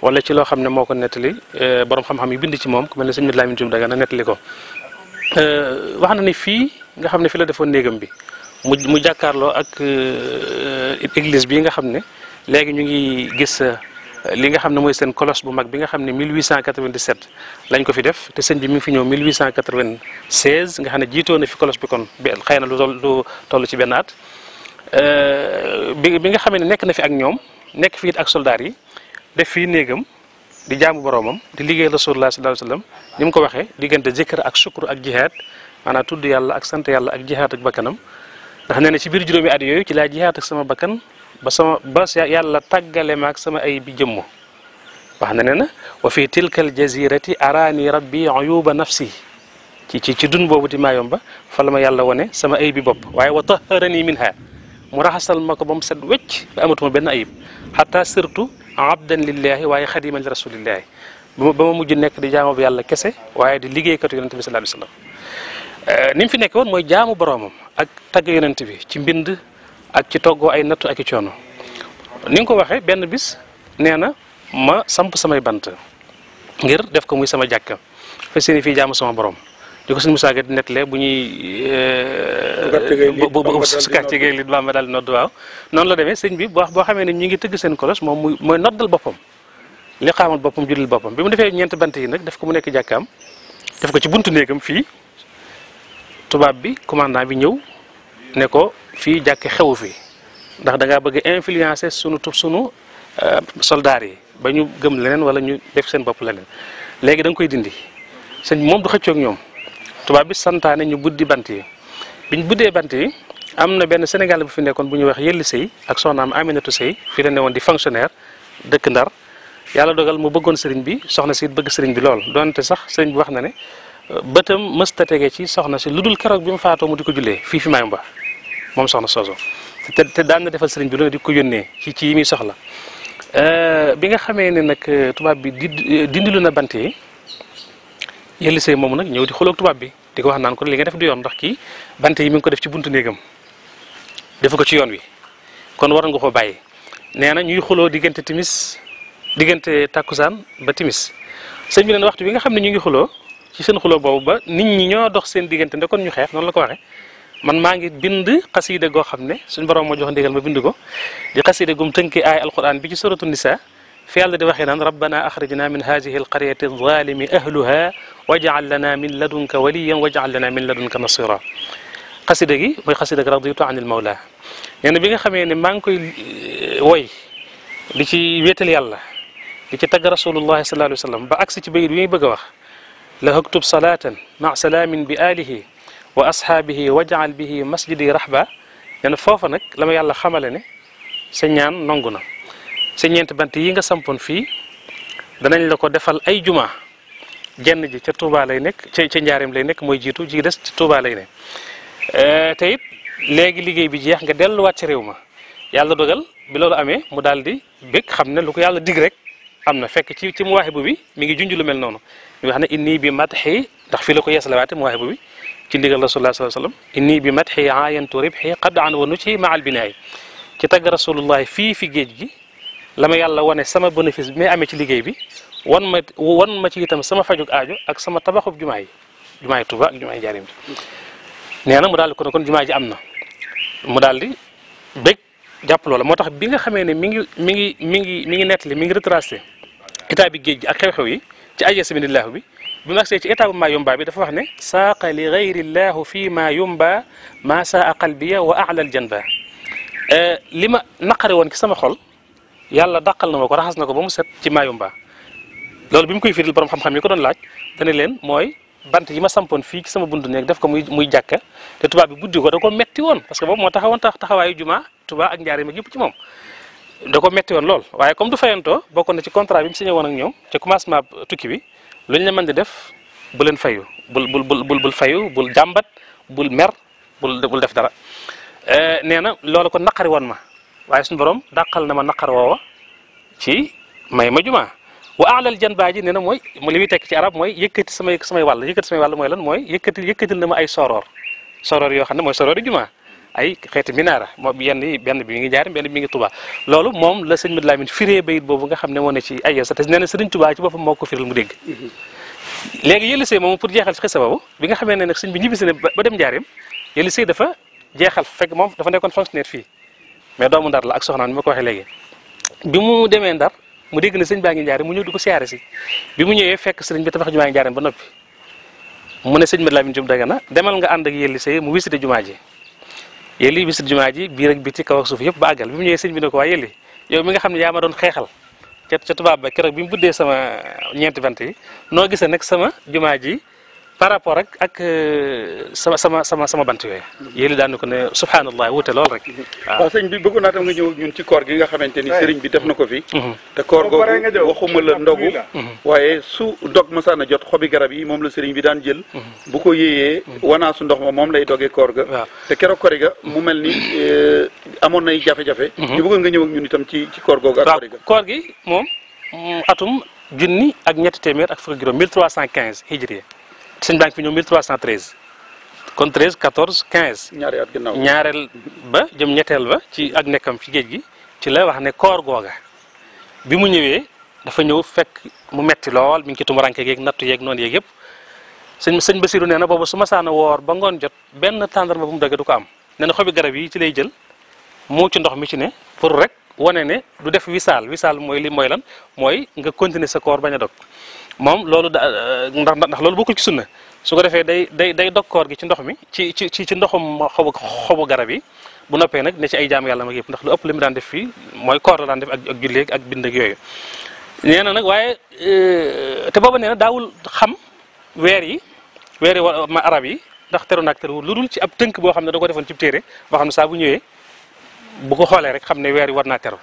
wala ci loo xam ne moo ko nettali eh, borom xam-xam yi bind ci moom ku mel ne sëñ Lamine Diouf daga na nettali ko. Eh, wax na ne fii nga xam ne fi la defoon néegam bi mu mu jàkkaarloo ak eh, église bi nga xam ne léegi ñu ngi gis. li nga xamne moy sen colosse bu mag bi nga xamne 1897 lañ ko fi def te sëñ bi mi fi ñëw 1896 nga xamne jito na fi colosse bi kon bi xëy lu toll lu toll ci benat euh bi nga xamne nek na fi ak ñom nek fi ak soldat yi def fi negam di jamm boromam di liggey rasulullah sallallahu alayhi wasallam nim ko waxe diggante zikkar ak shukr ak jihad mana tuddu yàlla ak sante yàlla ak jihad ak bakanam ndax nee ci bir juróomi at yoyu ci la jihad ak sama bakan بس يلا تقل ماكسما أي بجمو بحننا وفي تلك الجزيرة أراني ربي عيوب نفسي كي كي كدن بوبتي ما يومبا فلما يلا وني سما أي ببب وعي وطهرني منها مرحصل ما كبام سد ويك بأمت ما بين أيب حتى سرتو عبدا لله وعي خديما لرسول الله بما موجي نك دي جامو بيالا كسي وعي دي لغي كتو ينتبه صلى الله عليه وسلم نيم في نك وون موي جامو بروم ak tag yonent ak ci toggoo ay nattu ak i coono ni nga ko waxee benn bis nee na ma samp samay bant ngir def ko muy sama jàkka fa seeni fii jaamu sama borom di ko suñu musaaga di nettalee bu ñuy su quartier géeg li Bamba daal di nodd waaw noonu la demee sëñ bi boo boo xamee ne ñu ngi tëgg seen kolos moom muy mooy noddal boppam li xaamal boppam jullil boppam bi mu defee ñeenti bant yi nag def ko mu nekk jàkkaam def ko ci buntu néegam fii tubaab bi commandant bi ñëw ko fi jàkk xewu fi ndax da bëgg influencer sunu tub sunu euh, soldaar yi ba ñu gëm leneen wala ñu def seen bopp leneen léegi da nga koy dindi sëñ moom du xëccook ñoom tubaab bi santaane ñu buddi bant yi biñ buddee bant yi am na benn Sénégal bu fi nekkoon bu ñuy wax Yelli Sey ak soxna soxnaam Aminatu Sey fii la ne woon di fonctionnaire dëkk Ndar yàlla dogal mu bëggoon sëriñ bi soxna si bëgg sëriñ bi lool donte sax sëriñ bi wax na ne euh, bëtam mësta tege ci soxna si lu dul keroog bi mu mu di ko jullee fii fi maay ba moom soxna sooso te te daan na defal sëriñ bi loolu di ko yónnee ci ci yi muy soxla euh, bi nga xamee ne nag euh, tubaab bi di euh, dindilu na bant yi yëlli sëy moom nag ñëw di xuloog tubaab bi di ko wax naan ko li nga def du yoon ndox ki bant yi mi ngi ko def ci buntu néegam def ko ci yoon wi kon war nga ko bàyyi nee na ñuy xuloo diggante timis diggante takkusaan ba timis sëñ bi neen waxtu bi nga xam ne ñu ngi xuloo ci seen xuloo boobu ba nit ñi ñoo dox seen diggante nda kon ñu xeex noonu la ko waxee man maa ngi bind qasida go xamne sun borom mo jox ndigal ma bind ko di qasida gum tënki ay alquran bi ci suratu nisa fi yàlla di waxe nan rabbana akhrijna min hadhihi alqaryati adh-dhalimi ahliha wajal lana min ladunka waliyan wajal lana min ladunka nasira qasida gi moy qasida gi raditu an il mawla nee bi nga xamé ni maa ngi koy way di ci wetal yàlla di ci tag rasulullah sallallahu alayhi wasallam ba aksi ci beuy bi muy bëgg wax la haktub salatan ma'a salamin bi alihi واصحابه وجعل به مسجدي رحبه يعني فوفا نك لما يالا خمالني سنيان نونغونا سي نينت ييغا سامبون في دا نان لاكو ديفال اي جمعه جن جي تي توبا لاي نيك تي تي نياريم لاي نيك موي جيتو جي ديس تي توبا لاي نيك ا اه، تيب ليغي ليغي بي جيخ nga delu wat ci rewma yalla dogal bi lolu amé mu daldi bekk xamné luko yalla dig rek amna fekk ci ci muwahibu bi mi ngi junjlu mel nonu ni waxna inni bi madhi ndax fi lako muwahibu bi ci ndigal rasulullah sallallahu alayhi wasallam inni bi matxi aayantu ribhi qad an wunuchi ma al binaay ci tag rasulullah fi fi géej gi lama yàlla woné sama bénéfice bi amé ci ligéy bi won ma won ma ci itam sama fajuk aaju ak sama tabaxub jumaay jumaay tuba ak jumaay jarim Njaaréem mu dal ko kon jumaay ji amna mu dal di bég jàpp lola motax bi nga xamé ne mi ngi mi ngi mi ngi mi ngi nettali mi ngi retracer état bi géej gi ak xew-xew yi ci ajee sabilillah bi bi mu agsee ci état ma maa yumba bi dafa wax ne saaqa li gayri llahu fi maa yumba maa saa qalbiya wa alal janba euh, li ma naqare woon ci sama xol yàlla dàqal na ma ko raxas na ko ba mu set ci maa yumba loolu bi mu koy firil borom xam-xam yi ko doon laaj dana leen mooy bant yi ma sampoon fii ci sama buntu nekk def ko muy muy jàkka te tubaab bi buddi ko da metti woon parce que boobu moo taxawoon tax taxawaayu juma tubaab ak njaari mag yëpp ci moom da metti woon lool waaye comme du fayantoo bokkoon na ci contrat bi mu signé woon ak ñoom bi luñ la mën di def bu leen fayu bul bul bul bul fayu bul jàmbat bul mer bul bul def dara euh neena loolu ko nakari won ma waaye suñu borom dakal na ma nakar woowa ci may ma juma wa a'la al janbaaji neena moy na limi tek ci arab moy yëkkati samay samay wal yëkkati samay wal moy lan moy yëkkati yëkkatil na ma ay soror soror yo xamne moy mooy soroori juma ay xeeti minaara moom yenn yi benn bi ngi njaarim benn bi mi ngi tubaa loolu moom la sëñ Madu Lamin firee bayit boobu nga xam ne woon ne ci ay sa te nee na sëriñ Tuubaa ci mm-hmm. sey moom pour jeexal ci xisa boobu bi nga xamee ne nag sëñ bi ñibbisi ne ba dem njaarim yëlli sey dafa jeexal fekk moom dafa nekkoon fonctionnaire fii mais doomu ndar la ak soxnaam ni ma ko waxee léegi bi mu demee ndar mu dégg na sëñ baa ngi njaarim mu ñëw di ko siyaare si bi mu ñëwee fekk sëriñ bi tabax jumaa ngi ba noppi mu a sëñ Madu Lamin Jóob Dagana demal nga ànd ak yëlli sey mu visité jumaa ji yéli bisu jumaa ji biir ak biti kaw ak suuf yëpp ba àggal bi mu ñëwee sëñ bi ne ko waaye yéli yow mi nga xam ne yaa ma doon xeexal ca ca ba keroog bi mu buddee sama ñeent bant noo gisee nag sama jumaa ji par rapport ak ak euh, sama sama sama sama bant yooyu yéen daan na ko ne subhanallah wuute lool rek waaw sëñ bi bëggoon naa tam nga ñëw ñun ci koor gi nga xamante ni sëriñ bi def na ko fi mhm. te koor googu waxuma la ndogu mhm. waaye su dog masaana jot xobi garab yi moom la sëriñ bi daan jël mhm. bu ko yéeyee wanaa su ndox ma moom lay dogee koor ga te keroog koor ga mu mel ni euh, amoon nay jafe-jafe ñu bëggoon nga ñëw ak ñun itam ci ci koor googu ak koor ga koor gi moom mm, atum junni ak ñetti téeméer ak fukki juróom 1315 hijriya sëñ baa ngi fi ñëw 1313 kon 13 14 15. ñaareel ba jëm ñetteel ba ci ak nekkam ci géej gi ci la wax ne koor googa bi mu ñëwee dafa ñëw fekk mu metti lool mi tumuranke yeeg nattu yeeg noonu yeeg yëpp sëñ sëñ Basiru nee na boobu su ma saana woor ba ngoon jot benn tàndarma ba mu dëgg du ko am nee na xobi garab yi ci lay jël mu ci ndox mi ci ne pour rek wane ne du def wisaal wisaal mooy li mooy lan mooy nga continuer sa koor bañ a dog moom loolu da euh, ndax ndax loolu bokkul ci sunna su ko defee day day day dog koor gi ci ndox mi ci ci ci ci ndoxum xobu xobu garab yi bu noppee nag ne ci ay jaam yàlla mag yëpp ndax lu ëpp li mu daan def fii mooy koor la daan def ak ak julleeg ak bind ak yooyu nee na nag waaye euh, te booba nee na daawul xam weer yi weer yi ma arab yi ndax teru naag teru lu dul ci ab tënk boo xam ne da ko defoon ci téere boo xam ne saa bu ñëwee bu ko xoolee rek xam ne weer yi war naa teru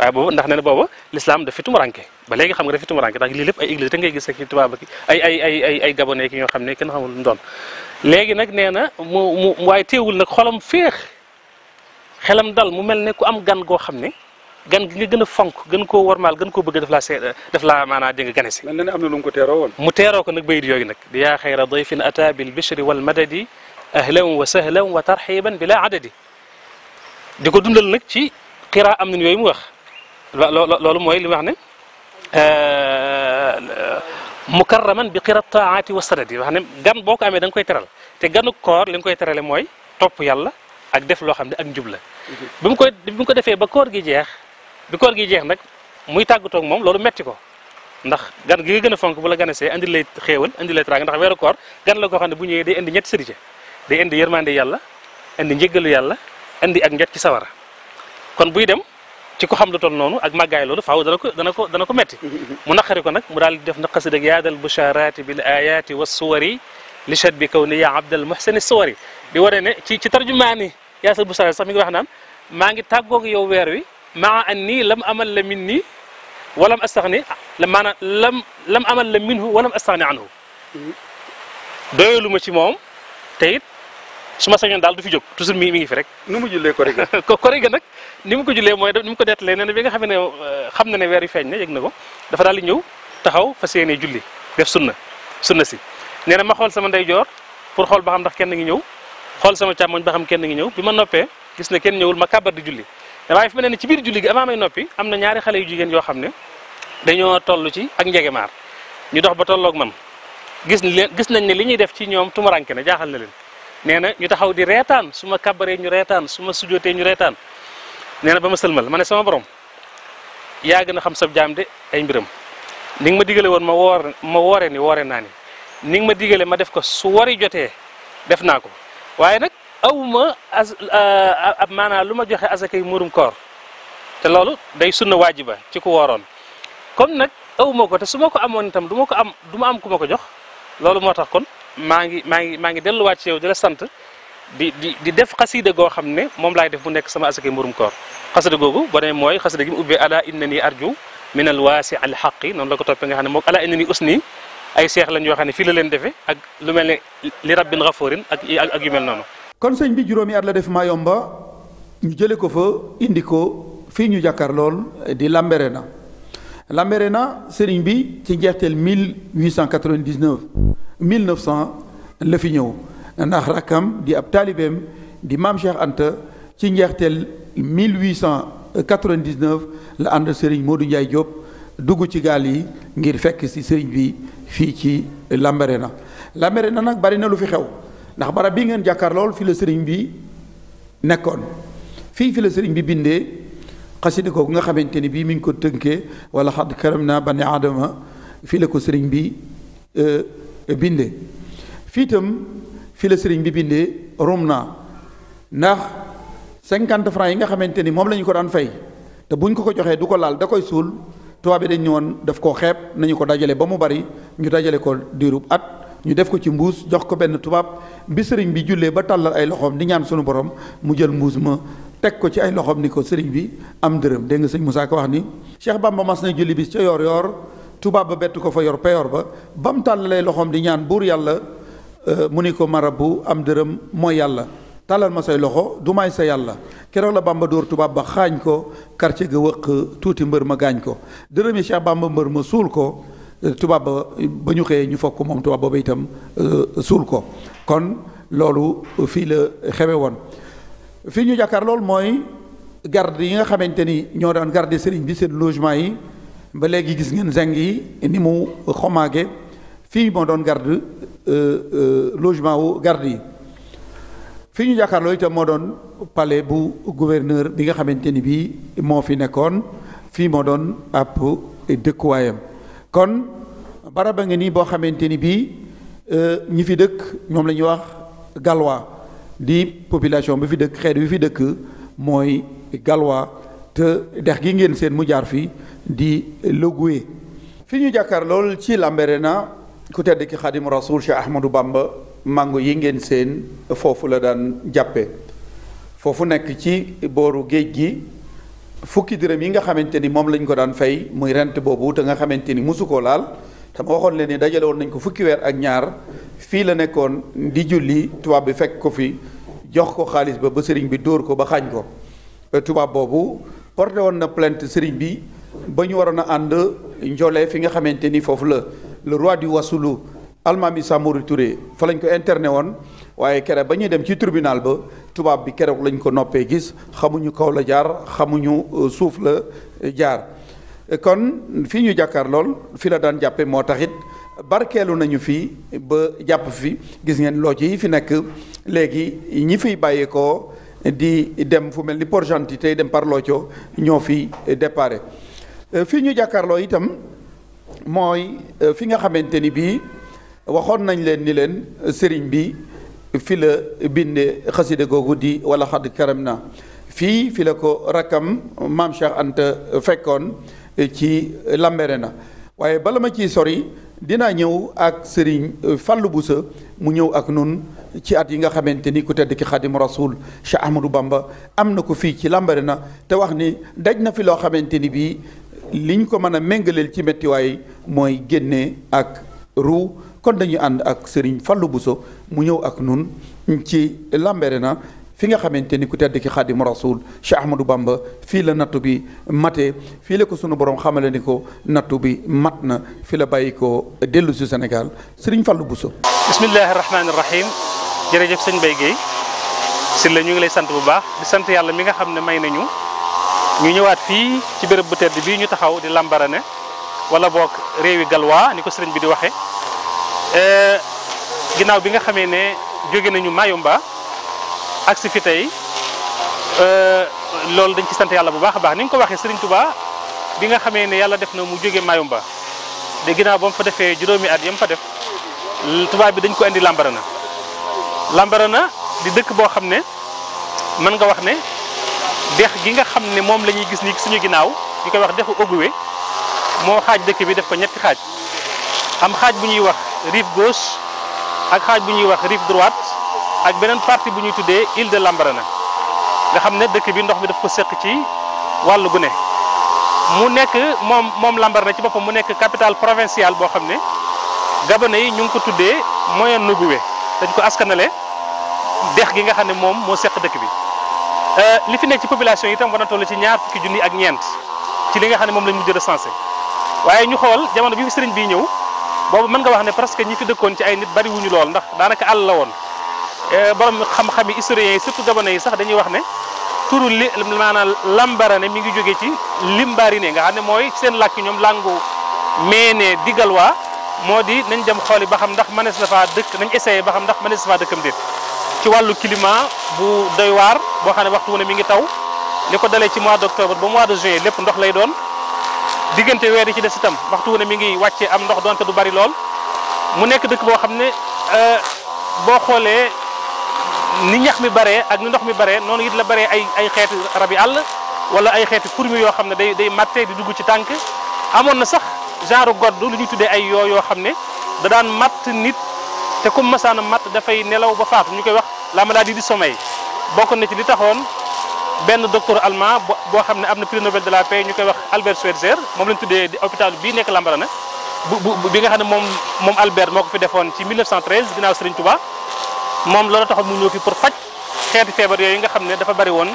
ndax nee na l'islam daf fi tumuranke ba légui xam nga daf fi tumuranke ndax lii lépp ay église da ngay gis ak i tubaab ki ay ay ay ay ay gabonais ki ñoo xamné ne kenn xamul ndon légui nak léegi mu mu waaye teewul nak xolam féex xelam dal mu melne ku am gan go xamné gan gi nga gëna fonk gën ko wormal gën ko bëgg def la def la mana maanaa di nga gane si mel na am na lu ko téro won mu téro ko nak bayit nak di ya khayra dayfin ata bil bishri wal madadi ahlan wa sahlan wa tarhiban bila adadi diko dundal nak ci qira am nin yooyu mu wax loolu mooy li mu wax ne euh, mukarraman bi xirat taati wa sanad yi wax ne gan boo ko amee da nga koy teral te ganu koor li nga koy terale mooy topp yàlla ak def loo xam ne ak njub la bi mu koy bi mu ko defee ba koor gi jeex bi koor gi jeex nag muy tàggatoo ak moom loolu metti gan gi nga gën a fonk bu la ganasee andi lay xéewal andi gan la koo xam ne bu ñëwee day indi ñetti sërite day indi yërmande yàlla indi njëggalu yàlla indi kon buy ci ko xam lu ton nonu ak magay lolu faaw dana ko dana ko dana ko metti mu naqari ko nak mu dal def na qasida ak yaadal busharati bil ayati was suwari li shad bi kawni ya abd al muhsin as suwari di wone ne ci ci tarjumaani yaasal busharati sax mi ngi wax naan ma ngi ak yow weer wi ma anni lam amal la minni walam astaghni lam maanaam lam lam amal la minhu walam astaghni anhu doyolu ci mom teyit su ma sañoon daal du fi jóg toujours mi mi ngi fi rek. nu mu jullee Korité. Korité nag ni mu ko jullee mooy ni mu ko dettalee nee na bi xam ne euh, xam na ne weer yu feeñ na yëg na ko dafa daal di ñëw taxaw fas yéenee julli def sunna sunna si nee ma xool sama ndeyjoor pour xool ba xam ndax kenn ngi ñëw xool sama càmmoñ ba xam kenn ngi ñëw bi ma noppee gis ne kenn ñëwul ma kàbbar di julli waaye fi ma ne ci biir julli gi avant may noppi am na ñaari xale yu jigéen yoo xam ne dañoo tollu ci ak njegemaar ñu dox ba tolloog man gis gis nañ ne li ñuy def ci ñoom tumuranke jaaxal na leen nee na ñu taxaw di reetaan su ma kabaree ñu reetaan su ma sujjootee ñu reetaan nee na ba ma sëlmal ma ne sama borom yaa na xam sab jaam de ay mbiram ni nga ma digale woon ma woor ma woore ni woore naa ni ni nga ma digale ma def ko su wari jotee def naa ko waaye nag awma as ab ah, ah, lu ma joxe asakay murum koor te loolu day sunna waajiba ci ku wooroon comme nag awma ko te su ma ko amoon itam du ma ko am du ma am ku ma ko jox loolu moo tax kon maa ngi maa ngi maa ngi delluwaat ci yow di la sant di di di def xasida goo xam ne moom laay def mu nekk sama asakay mburum koor xasida googu boo demee mooy xasida gi mu ubbee ala inna nii arju min al waasi al xaqi noonu la ko toppee nga xam ne moom ala inna nii ay seex lañ yoo xam ne fii la leen defee ak lu mel ne li rabbin xafurin ak ak yu mel noonu. kon sëñ bi juróomi at la def Mayomba ñu jëlee ko fa indi ko fii ñu jàkkaar lool di Lambaréné na sëriñ bi ci njeexteel 1899. 1900 la fi ñëw ndax rakkam di ab taalibeem di maam Cheikh Anta ci njeexteel 1899 la ànd Serigne du Ndiaye Diop dugg ci gaal yi ngir fekk si sëriñ bi fii ci na Lambaréné na nag bari na lu fi xew ndax barab bi ngeen jàkkaar lool fi la Serigne bi nekkoon fii fi la sëriñ bi bindee xasida googu nga xamante ni bii mi ngi ko tënkee wala xad karam naa bani aadama fii la ko sëriñ bi. Euh, E binde fitam fi fii la sëriñ bi binde romna ndax 50 francs yi nga xamanteni mom moom ko daan fay te buñ ko ko joxe du ko laal da koy sul bi dañ ñewon daf ko xeb nañu ko dajale ba mu bari ñu dajale ko diirub at ñu def ko ci mbuus jox ko benn tubaab bi sëriñ bi julle ba tàllal ay loxom di ñaan sunu borom mu jël mbuus ma teg ko ci ay loxom ni ko sëriñ bi am dërëm dégg nga sëñ Moussa ko wax ni Cheikh Bamba mas julli bis ca yor yor tuba ba bett ko fa yor peyor ba bam talale loxom di ñaan bur yàlla mu ni marabu am deureum mo yàlla talal ma say loxo du may say yàlla kero la bàmba dor tuba ba xagn ko quartier ga wëq tuuti mbeur ma gaañ ko dërëm Cheikh Bamba mbeur ma sul ko tuba ba ba ñu xëyee ñu fokk mom tuba booba itam sul ko kon lolu fi le xewe won fi ñu jakar loolu moy garde yi nga xamanteni ño ñoo daan garde sëriñ bi seen logement yi ba léegi gis ngeen zinc yi ni mu xomaage fii moo doon garde euh, euh, logement wu garde yi ñu jàkkaarloo itam moo doon palais bu gouverneur bi nga xamante ni bii moo fi nekkoon fii moo doon ab dëkkuwaayam kon baraba ngi nii boo xamante ni bii euh, ñi fi dëkk ñoom la ñuy wax galwa di population bi fi dëkk xeet wi fi dëkk mooy galwa te dex gi ngeen seen mu jaar fii di Logoué fi ñu jàkkaar lool ci Lambaréné ku tedd ki xaadimu rasuul Cheikh Ahmadou Bamba mango yi ngeen seen foofu la daan jàppe foofu nekk ci booru géej gi fukki dërëm yi nga xamante ni moom lañ ko daan fay muy rent boobu te nga xamante ni mosu koo laal te ma waxoon leen ni dajale woon nañ ko fukki weer ak ñaar fii la nekkoon di julli tubaab bi fekk ko fi jox ko xaalis ba ba sëriñ bi dóor ko ba xaañ ko tubaab boobu porté woon na plainte sëriñ bi ba ñu waroon a ànd njoolee fi nga xamante ni foofu la le roi du wasulu almaami Samori Touré fa lañ ko interné woon waaye keroog ba ñuy dem ci tribunal ba tubaab bi keroog lañ ko noppee gis xamuñu kaw la jaar xamuñu euh, suuf la euh, jaar. kon fii ñu jàkkaar lool fi la daan jàppee moo tax it barkeelu nañu fii ba jàpp fi gis ngeen loo ci yi fi nekk léegi ñi fiy bàyyeekoo. di dem fu mel ni pour Gentil tey dem par ñoo fi eh, déparé eh, fii ñu jàkkaarloo itam mooy eh, fi nga xamante ni bii waxoon nañ leen ni leen sëriñ bi fi la binde xaside googu di wala xadd karam na fii fi la ko rakkam maam Cheikh Anta fekkoon ci Lambaréné na waaye bala ma ciy sori dinaa ñëw ak sëriñ Fallou Boussa mu ñëw ak nun ci at yi nga xamante ni ku tedd ki xadim rasul Cheikh Ahmadou Bamba am na ko fii ci na te wax ni daj na fi loo xamante ni bii liñ ko mën a méngaleel ci méttiwaay mooy génne ak ruu kon dañu ànd ak Serigne Fallou buso mu ñëw ak nun ci na fi nga xamante ni ku tedd ki xaadim rasul Cheikh Ahmadou Bamba fii la nattu bi matee fii la ko sunu borom xamale ni ko nattu bi mat na fi la bàyyi ko dellu si Sénégal Serigne Fallou Bousso. bismillahi rahmaani rahim jërëjëf sëñ bay Guèye si la ñu ngi lay sant bu baax di sant yàlla mi nga xam ne may nañu ñu ñëwaat fii ci bërëb bu tedd bii ñu taxaw di lambarane wala boog réewi galwaa ni ko sëriñ bi di waxe eh, ginnaaw bi nga xamee ne jóge nañu Mayumba. ak si fi tey euh, loolu dañ ci sant yàlla bu baax a baax ni nga ko waxee Serigne Touba bi nga xamee ne yàlla def na mu jóge Mayumba de ginnaaw ba mu fa defee juróomi at yam fa def Touba bi dañ ko indi na Lambarana na di dëkk boo xam ne mën nga wax ne dex gi nga xam ne moom lañuy gis nii suñu ginnaaw ñu koy wax dexu Ogooué moo xaaj dëkk bi def ko ñetti xaaj am xaaj bu ñuy wax rive gauche ak xaaj bu ñuy wax rive droite. ak beneen partie bu ñuy tuddee île de Lambaréné nga xam ne dëkk bi ndox mi daf ko seq ci wàllu gu ne mu nekk moom moom na ci boppam mu nekk capitale provinciale boo xam ne gabonais yi ñu ngi ko tuddee Moyen-Nogoué dañ ko askanale dex gi nga xam ne moom moo seq dëkk bi euh, li fi nekk ci population yi tam war na toll ci ñaar fukki junni ak ñeent ci li nga xam ne moom lañ mujj recensé waaye ñu xool jamono bi fi sëriñ bi ñëw boobu mën nga wax ne presque ñi fi dëkkoon ci ay nit bari wuñu lool ndax daanaka àll la woon borom xam-xam yi historiens yi surtout gabonais yi sax dañuy wax ne turu li lambarane mi ngi jóge ci limbarine nga xam ne mooy seen làkk langu mene digalwa modi moo di nañ dem xooli ba xam ndax mënees na faa dëkk nañ essayé ba xam ndax mënees na dëkkam déet ci wàllu climat bu doy waar boo xam ne waxtu wu ne mi ngi taw li ko dalee ci mois d' octobre ba mois de juin lépp ndox lay doon diggante weer ci des itam waxtu wu mi ngi wàccee am ndox doonte du bari lool mu nekk dëkk boo xam ne boo xoolee نيخ مي باري اك ني نوخ مي باري نون ييت لا باري اي اي خيت ربي الله ولا اي خيت فورمي يو خامني داي داي ماتي دي دوجو سي تانك امون نا صاح جارو غورد لو ني تودي اي يو يو خامني دا دان مات نيت تي كوم مسانا مات دا فاي نيلو با فات ني كاي واخ لا مالادي دي سومي بوكو نتي لي تاخون بن دكتور المان بو خامني امنا بري نوبل دو لا بي ني كاي واخ البرت moom loolu taxoon mu ñëw fi pour faj xeeti feebar yooyu nga xam ne dafa bari woon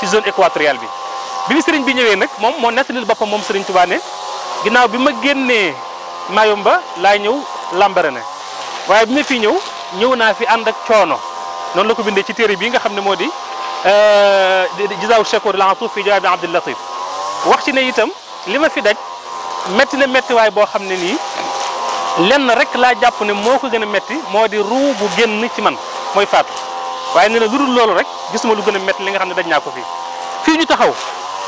ci zone équatoriale bi bi sëriñ bi ñëwee nag moom moo nettalil boppam moom sëriñ Tuubaa ne ginnaaw bi ma génnee Mayumba laay ñëw Lambaréné waaye bi ma fi ñëw ñëw naa fi ànd ak coono noonu la ko bindee ci téere bii nga xam ne moo di euh, jisaaw shakoor la tuuf fi jawaab bi Abdul Latif wax ci ne itam li ma fi daj metti na mettiwaay boo xam ne nii lenn rek laa jàpp ne moo ko gën a metti moo di ruu bu génn ci man mooy faatu waaye nee na lu dul loolu rek gisuma lu gën a métti li nga xam ne daj naa ko fii fii ñu taxaw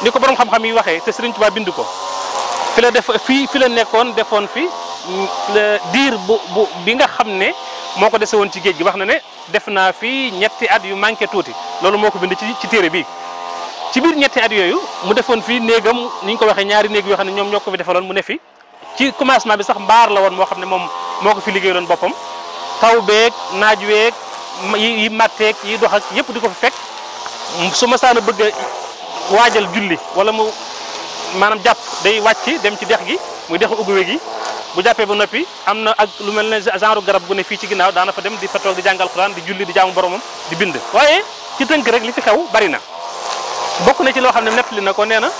ni ko borom xam-xam yi waxee te Serigne Touba bind ko fi la def fii fi la nekkoon defoon fi mm, diir bu bu bi nga xam ne moo ko dese woon ci géej gi wax na ne def naa fi ñetti at yu manqué tuuti loolu moo ko bind ci ci téere bi ci biir ñetti at yooyu mu defoon fii néegam ni ñu ko waxee ñaari néeg yoo xam ne ñoom ñoo ko fi defaloon mu ne fi ci commencement bi sax mbaar la woon moo xam ne moom moo ko fi liggéeyaloon boppam yi màtteeg yi dox ak yëpp di ko fa fekk su ma saana bëgg waajal julli wala mu maanaam jàpp day wàcc dem ci dex gi muy dexu ubbiwe gi bu jàppee ba noppi am na ak lu mel ne genre garab bu ne fii ci ginnaaw daana fa dem di fa toog di jàngal Alxuraan di julli di jaamu boromam di bind waaye ci tënk rek li fi xew bari na bokk na ci loo xam ne li na ko nee na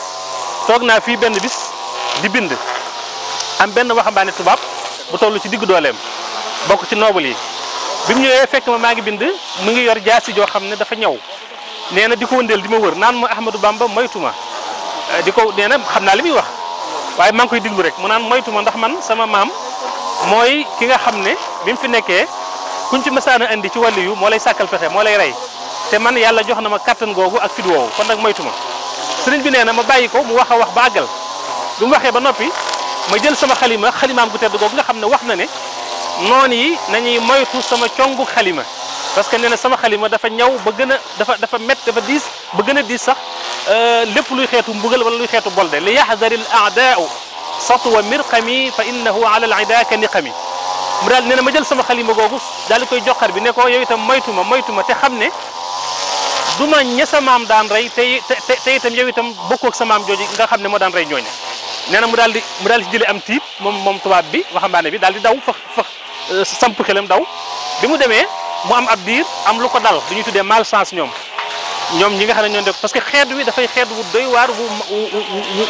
toog naa fi benn bis di bind am benn waxambaane tubaab bu toll ci diggu dooleem bokk ci noobal yi bi mu ñëwee fekk ma maa ngi bind mu ngi yor jaasi joo xam ne dafa ñëw nee na di ko wëndeel di ma wër naan ma Ahmadou Bamba moytuma eh, di ko nee na xam naa li muy wax waaye maa ngi koy diglu rek mu naan moytuma ndax man sama maam mooy ki nga xam ne bi mu fi nekkee kuñ ci mësaana indi ci wàllu yu moo lay sàkkal pexe moo lay rey te man yàlla jox na ma kàttan googu ak fit woowu kon nag moytuma sëriñ bi nee na ma bàyyi ko mu wax a wax ba àggal bi mu waxee ba noppi ma jël sama xalima xalimaam gu tedd googu nga xam ne wax na ne noon yi nañuy moytu sama ciongu khalima parce que nee sama khalima dafa ñaw ba gëna dafa dafa met dafa dis ba gëna dis sax euh lépp luy xétu mbugal wala luy xétu bolde li yahzaril l aadaau satwa mirqami fa innahu ala al niqami mu daal nee ma jël sama khalima gogu dal koy joxar bi ne ko yow itam moytu ma te xamne duma ne du ma sa maam daan ray te te itam yow itam bokkoo ak sa maam joji nga xamne mo daan ray ñooña nee na mu daal di mu daal ci jëlee am tiib mom mom tubaab bi waxambaane bi daal di daw fa fëx Euh, samp xelam daw bi mu demee mu am ab diir am lu ko dal du ñu tuddee malchance ñoom ñoom ñi nga xam ne ñoo def parce que xeet wi dafay xeet wu doy waar wu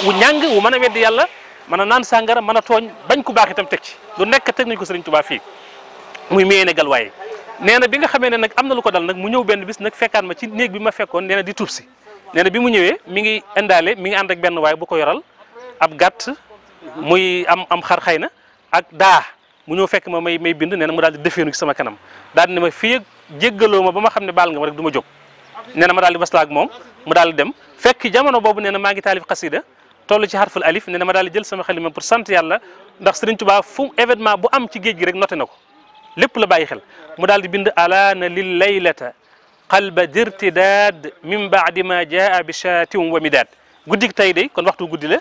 wu ñàng wu mën a weddi yàlla mën a naan sàngara mën a tooñ bañ ku baax itam teg ci lu nekk teg nañ ko Sëriñ Tuubaa fii muy meene galwaay nee na bi nga xamee ne nag am na lu ko dal nag mu ñëw benn bis nag fekkaat ma ci néeg bi ma fekkoon nee di tuub si nee na bi mu ñëwee mi ngi indaale mi ngi ànd ak benn waay bu ko yoral ab gàtt muy am am xar xëy na mu ñëw fekk ma may may bind neena mu dal di defenu ci sama kanam dal ni ma fi jéggaloo ma ba ma xam ne nga rek duma jóg neena ma dal di baslaak mom mu dal dem fekk jamono bobu neena ma ngi talif qasida tollu ci harful alif neena ma dal jël sama xalima pour sante yàlla ndax Serigne Touba fu événement bu am ci geejgi rek noté nako lépp la bàyyi xel mu dal di bind alaana lil laylata qalba dirtidad min ba'd ma jaa bi shaatim wa midad guddik tay de kon waxtu guddila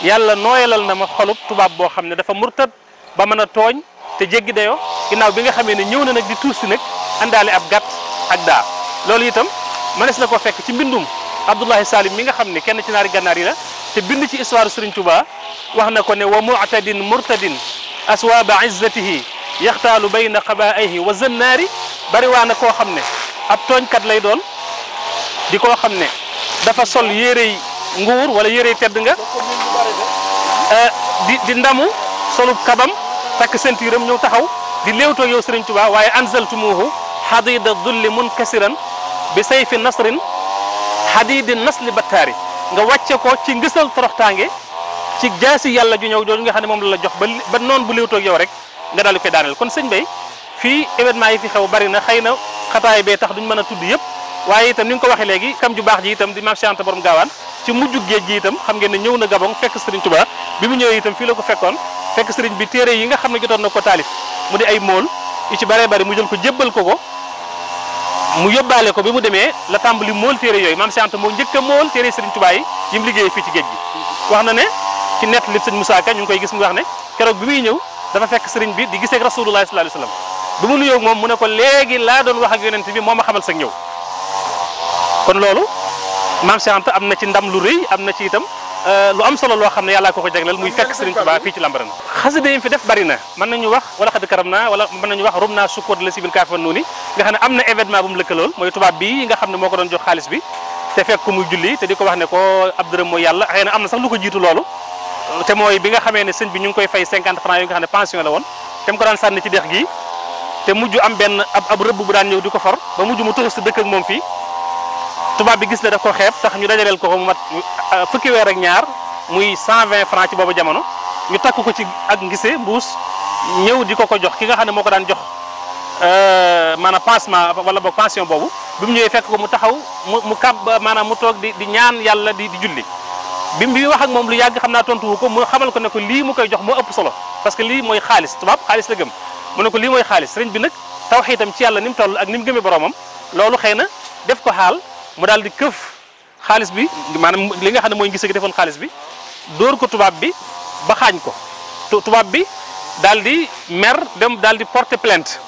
yàlla noyalal na ma xolup tubab bo xamne dafa murtad ba mën a tooñ te jéggi dayoo ginnaaw bi nga xamee ne ñëw na nag di tuus si nag àndaale ab gàtt ak daa loolu itam mënees na ko fekk ci mbindum Abdullahi Salim mi nga xam ne kenn ci naari gànnaar yi la te bind ci histoire Serigne Touba wax na ko ne wa mu'tadin murtadin aswaaba izzatihi yaxtaalu bayna qabaaihi wa zannaari bari waa na koo xam ne ab tooñkat lay doon di koo xam ne dafa sol yérey nguur wala yérey tedd nga eh, di di ndamu solub kabam takk ceinture am ñëw taxaw di léewtoo yow Serigne Touba waaye anzaltumuhu hadida dulli munkasiran bi sayfi nasrin hadidi nasli battaari nga wàcce ko ci ngësal toroxtaange ci jaasi yàlla ju ñëw jooju nga xam ne moom la la jox ba noon noonu bu léewtoo yow rek nga daal di kon señ bay fii événement yi fi xew bari na xëy na xataay bee tax duñ mën a tudd yëpp waaye itam ni nga ko waxee léegi kam ju baax ji itam di maam Cheikh Anta borom gaawaan ci mujj géej gi itam xam ngeen ne ñëw na Gabon fekk Serigne Touba bi mu ñëwee itam fii la ko fekkoon fekk Serigne bi téere yi nga xam ne jotoon na ko taalif mu di ay mool yu ci baree bari mu jël ko jébbal ko ko mu yóbbaale ko bi mu demee la tàmbali mool téere yooyu maam Cheikh Anta moo njëkk a mool téere Serigne Touba yi mu liggéeyee fii ci géej gi wax na ne ci nett li sëñ Moussa Ka ñu ngi koy gis mu wax ne keroog bi muy ñëw dafa fekk Serigne bi di gisee ak Rasulullah sallallahu alayhi wasallam bi mu nuyoo moom mu ne ko léegi laa doon wax ak yonent bi moo ma xamal ñëw kon loolu maam Cheikh am na ci ndam lu rëy am na ci itam euh, lu am solo loo xam ne yàlla ko ko jagleel muy fekk Serigne Touba fii ci Lambaréné xasida yi fi def bari na mën nañu wax wala xadi karam naa wala mën nañu wax rom naa sukkood la sibil kaafan nuuni nga xam ne am na événement bu mu lëkkalool mooy tubaab bi ko doon jox xaalis na am na sax lu ko jiitu loolu te mooy bi nga xamee ne sëñ bi ñu ngi koy fay 50 francs yi nga xam ne pension la woon te mu ko daan sànni ci dex gi te mujj am benn ab ab rëbb bu daan ñëw ko for ba mujj mu tuxu si dëkk ak moom fii tubaab bi gis ne daf ko xeeb tax ñu dajaleel ko mu mat euh, fukki weer ak ñaar muy 120 francs ci boobu jamono ñu takk ko ci ak ngise mbuus ñëw di ko ko jox ki nga xam ne moo ko daan jox euh, maanaam pansement wala boog pension boobu bi mu ñëwee fekk ko mu taxaw mu mu kab maanaam mu toog di di ñaan yàlla di di julli bi mu wax ak moom lu yàgg xam naa tontuwu ko mu xamal ko ne ko lii mu koy jox moo ëpp solo parce que lii mooy xaalis tubaab xaalis la gëm mu ne ko lii mooy xaalis sëriñ bi nag tawxiitam ci yàlla ni toll ak ni mu gëmee boromam loolu xëy na def ko xaal mu daal di këf xaalis bi maanaam li nga xam ne mooy ngise gi defoon xaalis bi dóor ko tubaab bi ba xaañ ko tubaab bi daal di mer dem daal di porter plainte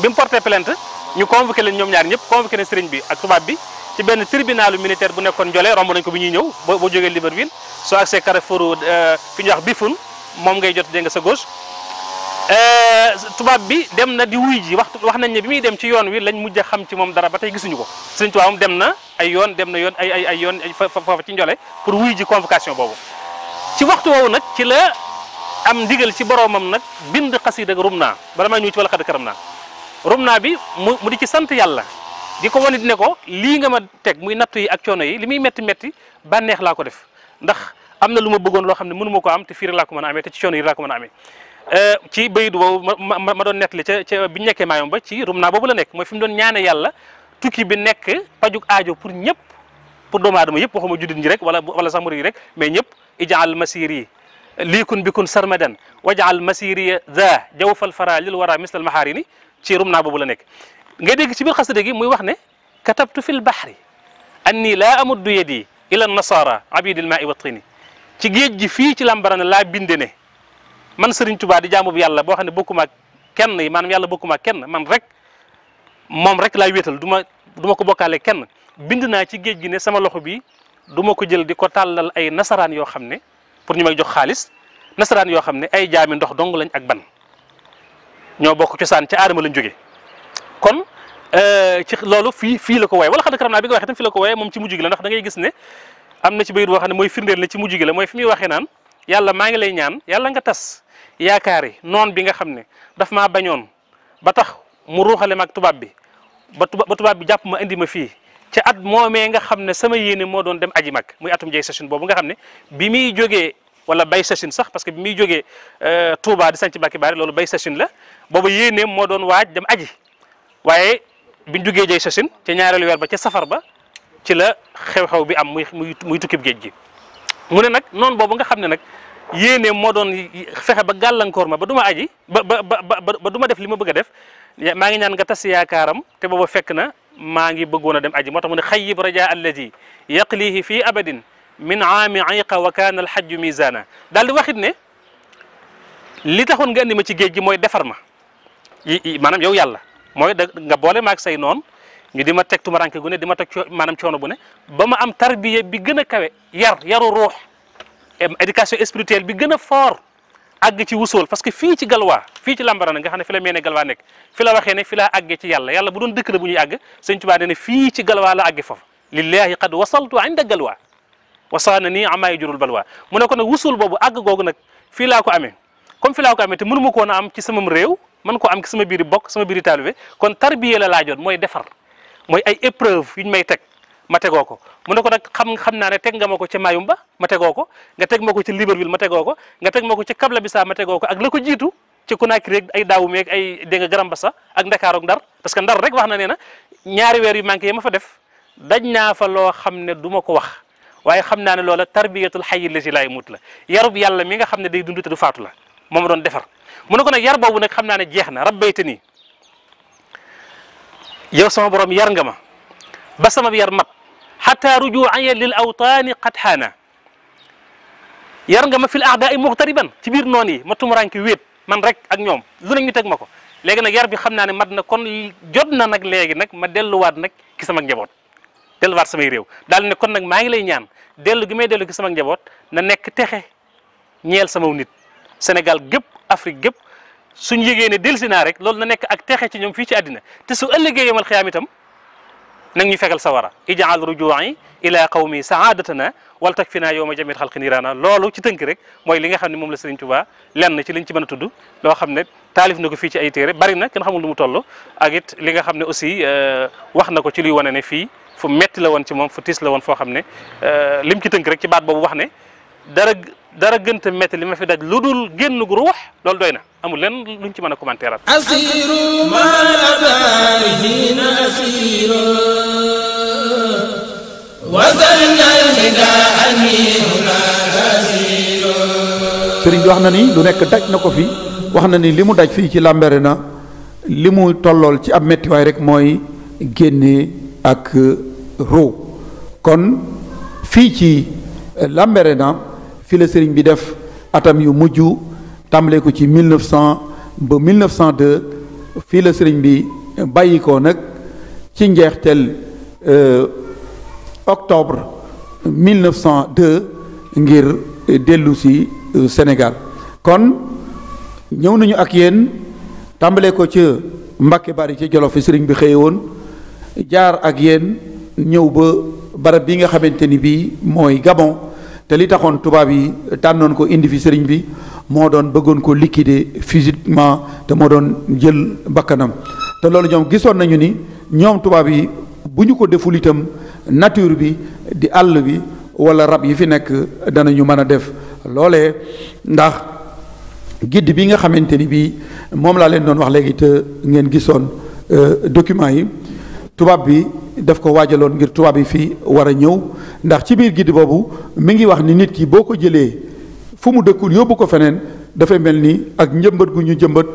bi mu porter plainte ñu convoqué leen ñoom ñaar ñëpp convoqué leen sëriñ bi ak tubaab bi ci benn tribunalu militaire bu nekkoon Ndiolé romb nañ ko bi ñuy ñëw boo jógee Libreville soo agsee Carrefour fi euh, ñuy wax Bifoun moom ngay jot dégg sa gauche Euh, tubaab bi dem na di wuy ji waxtu wax nañ ne bi muy dem ci yoon wi lañ mujj a xam ci moom dara ba tey gisuñu ko sëñ Tuubaa moom dem na ay yoon dem na yoon ay ay ay yoon foofa ci njole pour wuy ji convocation boobu ci waxtu woowu nag ci la am ndigal ci boroomam nag bind xasida ak rumna bala maa ñëw ci wala xad karam naa rumna bi mu mu di ci sant yàlla di ko wanit ne ko lii nga ma teg muy nattu yi ak coono yi li muy métti métti bànneex laa ko def ndax am na lu ma bëggoon loo xam am te fii a amee te yi rek ko a amee Euh, ci bayit woowu ma ma ma doon nettali ca ca bi ñu nekkee maayom ba ci rum naa boobu la nekk mooy fi mu doon ñaane yàlla tukki bi nekk pajuk aajo pour ñëpp pour doomu aadama yëpp waxuma juddit ñi rek wala wala sax murid yi rek mais ñëpp ijaal masir yi liikun bikun sarmadan wajaal masir yi za jawfal fara lil wara mislal maxaari ni ci rum naa boobu la nekk ngay dégg ci biir xasida gi muy wax ne katabtu fil bahri anni laa amuddu yadi ila nasara abidil maai wa tini ci géej gi fii ci lambarana laa binde ne man sëriñ Tuubaa di jaamu bu yàlla boo xam ne bokkuma kenn yi maanaam yàlla bokkuma ak kenn man rek moom rek laay wéetal du ma du ma ko bokkaale kenn bind naa ci géej gi ne sama loxo bi duma ko jël di ko tàllal ay nasaraan yoo xam ne pour ñu may jox xaalis nasaraan yoo xam ne ay jaami ndox dong lañ ak ban ñoo bokk cosaan ca aadama lañ jóge kon euh, ci loolu fii fii la ko waaye wala xam ne karam bi nga waxee tam fii la ko waaye moom ci mujj gi la ndax da gis ne am ne mooy firndeel ci mujj gi la mooy fi muy waxee naan yàlla maa ngi lay ñaan yàlla nga tas yaakaari noon bi nga xam ne daf maa bañoon ba tax mu ruuxale ma ak tubaab bi ba tubaab bi jàpp ma indi ma fii ci at moomee nga xam ne sama yéene moo doon dem aji mag muy atum jey session boobu nga xam ne bi muy jógee wala bay session sax parce que bi muy jógee Touba di sanc Mbàkke Baari loolu bay session la boobu yéene moo doon waaj dem aji waaye biñ jógee jey session ca ñaareelu weer ba ca safar ba ci la xew-xew bi am muy muy tukkib géej gi mu ne nag noonu boobu nga xam ne nag yene moo doon fexe ba galankor ma ba duma aji ba ba ba du ma def lima bëgg def ma ngi ñaan nga tass yaakaram te bobu fekk na ma ngi bëggona dem aji moo tax mu ne xayyib raja allazi yaqlihi fi abadin min aami aiqa wa kaana alxajju mizana dal di waxit ne li taxoon nga andi ma ci geejgi moy defar ma manam yow yàlla moy da nga boole maag say non ñu di ma teg tumaranke gu ne di ma teg maanaam bu ne bama am tarbiyé bi gëna kawe yar yaru ruh éducation spirituelle bi gëna fort ag ci wusool parce que fi ci galwa fi ci lambarana nga xamne fi la mené galwa nek fi la waxé ne fi la agge ci yàlla yàlla bu doon dëkk la bu ñuy ag sëñ tuba ne ne fii ci galwa la àgge fofu lillahi qad wasaltu inda galwa wasaana nii amaay jurul balwaa mu ne ko nag wusul bobu ag gogu nak fi la ko amé comme fi la ko amé te mënu ma koon a am ci sama rew man ko am ci sama biir bok sama biir talibé kon tarbiye la la laajoon moy defar moy ay épreuve yuñ may tek ma tegoo ko mu ko nag xam naa ne teg nga ma ko ca Mayumba ma tegoo ko nga teg ma ko ma tegoo ko nga teg ma ko ci Kabla-Bissa ma tegoo ko ak la ko jiitu ci Conakry rek ay daawu meeg ay dégg nga Garambassa ak Ndakaaru ak Ndar parce que Ndar rek wax na nee na ñaari weer yu manqué yi ma fa def daj naa fa loo xam ne du ma ko wax waaye xam naa ne loola tarbiyatul xayi la si laay mut la yarub yàlla mi nga xam ne day dund te du faatu la moom doon defar mu ne ko nag yar boobu nag xam naa ne jeex na rabbayte nii yow sama borom ma حتى رجوعيا للأوطان قد حانا yar nga ma fil aadaai muxtariban ci biir noon yi ma tumuranki wéet man rek ak ñoom lu ne ñu teg ma ko léegi nag yar bi xam naa ne mat na kon jot na nag léegi nag ma delluwaat nag ki sama njaboot delluwaat samay réew daal ne kon nag maa ngi lay ñaan dellu gi may dellu ki sama njaboot na nekk texe ñeel sama nit Sénégal gépp Afrique gépp suñ yëgee ne delsi naa rek loolu na nekk ak texe ci ñoom fii ci àddina te su ëllëgee yomal xiyaam itam نغني فغال سوارا اجعل رجوعي الى قومي سعادتنا ولتكفينا يوم جميع خلق نيرانا لولو سي تنك ريك موي ليغا خامني موم لا سيرن توبا لن سي لنجي مانا تودو لو خامني تالف نكو في سي اي تيري بارينا كين خامول لومو تولو اكيت ليغا خامني اوسي واخنا كو سي لي وناني في فو متي لا وون سي موم فو تيس لا وون فو خامني ليم كي تنك ريك سي بات بوبو واخني دارا dara gënta métti li ma fi daj lu dul génn gu ruux loolu doy na amul lenn luñ ci mën a commentéeraat asiru ma abarihina asiru wasalna nida amiruna asiru sëriñ bi wax na ni lu nekk daj na ko fi wax na ni li mu daj fii ci Lambaréné li mu tollool ci ab méttiwaay rek mooy génne ak ruu kon fii ci na fi la serigne bi def atam yu mujj ko ci 1900 ba 1902 fi la serigne bi bayiko nak ci euh, octobre 1902 ngir dellu si euh, Sénégal kon ñew nañu ak yeen tàmbale ko ci Mbàkke Bari ci Jolof fi sëriñ bi xeyewon jaar ak yeen ñew ba barab bi nga xamanteni ni moy Gabon te li taxoon tubaab yi tànnoon ko indi fi sëriñ bi moo doon bëggoon ko liquider physiquement te moo doon jël bakkanam te loolu ñoom gisoon nañu ni ñoom tubaab yi bu ñu ko deful itam nature bi di àll bi wala rab yi fi nekk danañu mën a def loolee ndax gidd bi nga xamante ni bii moom laa leen doon wax léegi te ngeen gisoon euh, document yi tubaab bi def ko waajaloon ngir tubaab yi fii war a ñëw ndax ci biir giddi boobu mi ngi wax ni nit ki boo ko jëlee fu mu dëkkul yóbbu ko feneen dafay mel ni ak njëmbat gu ñu jëmbat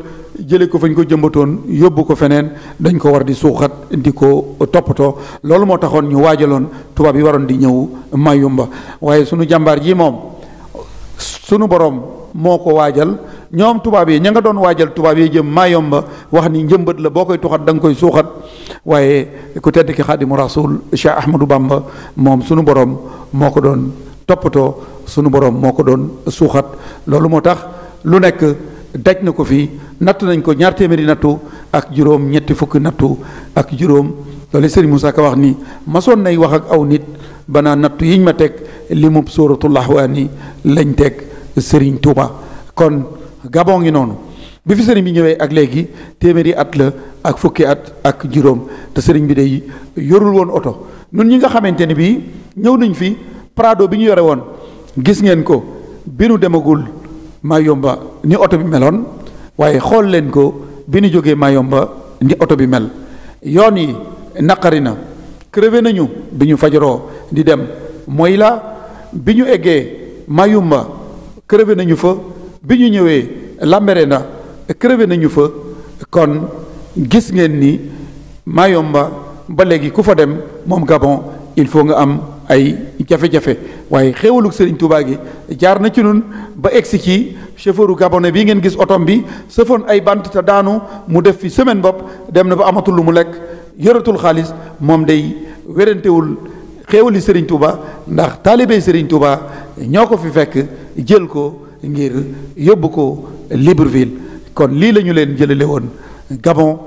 jëlee ko fañ ko jëmbatoon yóbbu ko feneen dañ ko war di suuxat di ko toppatoo loolu moo taxoon ñu waajaloon tubaab yi waroon di ñëw Mayumba waaye sunu jàmbaar ji moom sunu borom moo ko waajal ñoom tubaab yi ña nga doon waajal tubaab yi jëm Mayomba wax ni njëmbat la boo koy tuxat danga koy suuxat waaye ku tedd ki xaadimu rasul Cheikh Ahmadou Bamba moom sunu borom moo ko doon toppatoo sunu borom moo ko doon suuxat loolu moo tax lu nekk daj na ko fii natt nañ ko ñaar téeméeri nattu ak juróom ñetti fukki nattu ak juróom loolu Serigne Moussa Ka wax ni masoon nay wax ak aw nit banaa nattu yiñ ma teg li mu sóoratul ahwaani lañ teg Serigne Touba gabon ngi noonu bi fi sëriñ bi ñëwee ak léegi téeméeri at la ak fukki at ak juróom te sëriñ bi day yorul woon oto nun ñi nga xamante ni bii ñëw nañ fi Prado bi ñu yore woon gis ngeen ko bi nu demagul Mayomba ni oto bi meloon waaye xool leen ko bi nu jógee Mayomba oto bi mel yoon yi naqari na crevé nañu bi ñu fajaroo di dem mooy la bi ñu eggee Mayumba crevé nañu fa bi ñu ñëwee merena, crevé nañu fa kon gis ngeen Mayomba ba légui ku dem Gabon il faut nga am ay jafe jafé waaye xéewalug Serigne Touba gi ba exiki, ci chauffeuru gabonais gis otom bi ay bant ta daanu mu def fi semaine bop dem na ba amatu lu mu lek yeratul day Serigne Touba ndax talibé Serigne Touba ngir yóbbu ko Libreville kon lii la ñu leen jëlale woon Gabon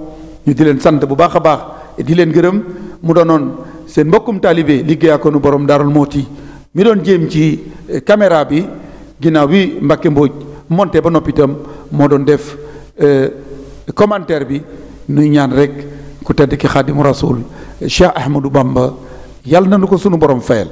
ñu di leen sant bu baax a baax di leen gërëm mu doon doonoon seen mbokkum taalibe liggéeyaa ko nu borom Daarul Mooti mi doon jéem ci eh, caméra bi ginnaaw bi Mbacke Mbodj monté ba noppitam moo doon def eh, commentaire bi nuy ñaan rek ku tedd ki xaadimu rasul Cheikh Ahmadou Bamba yàlla na nu ko sunu borom fayal.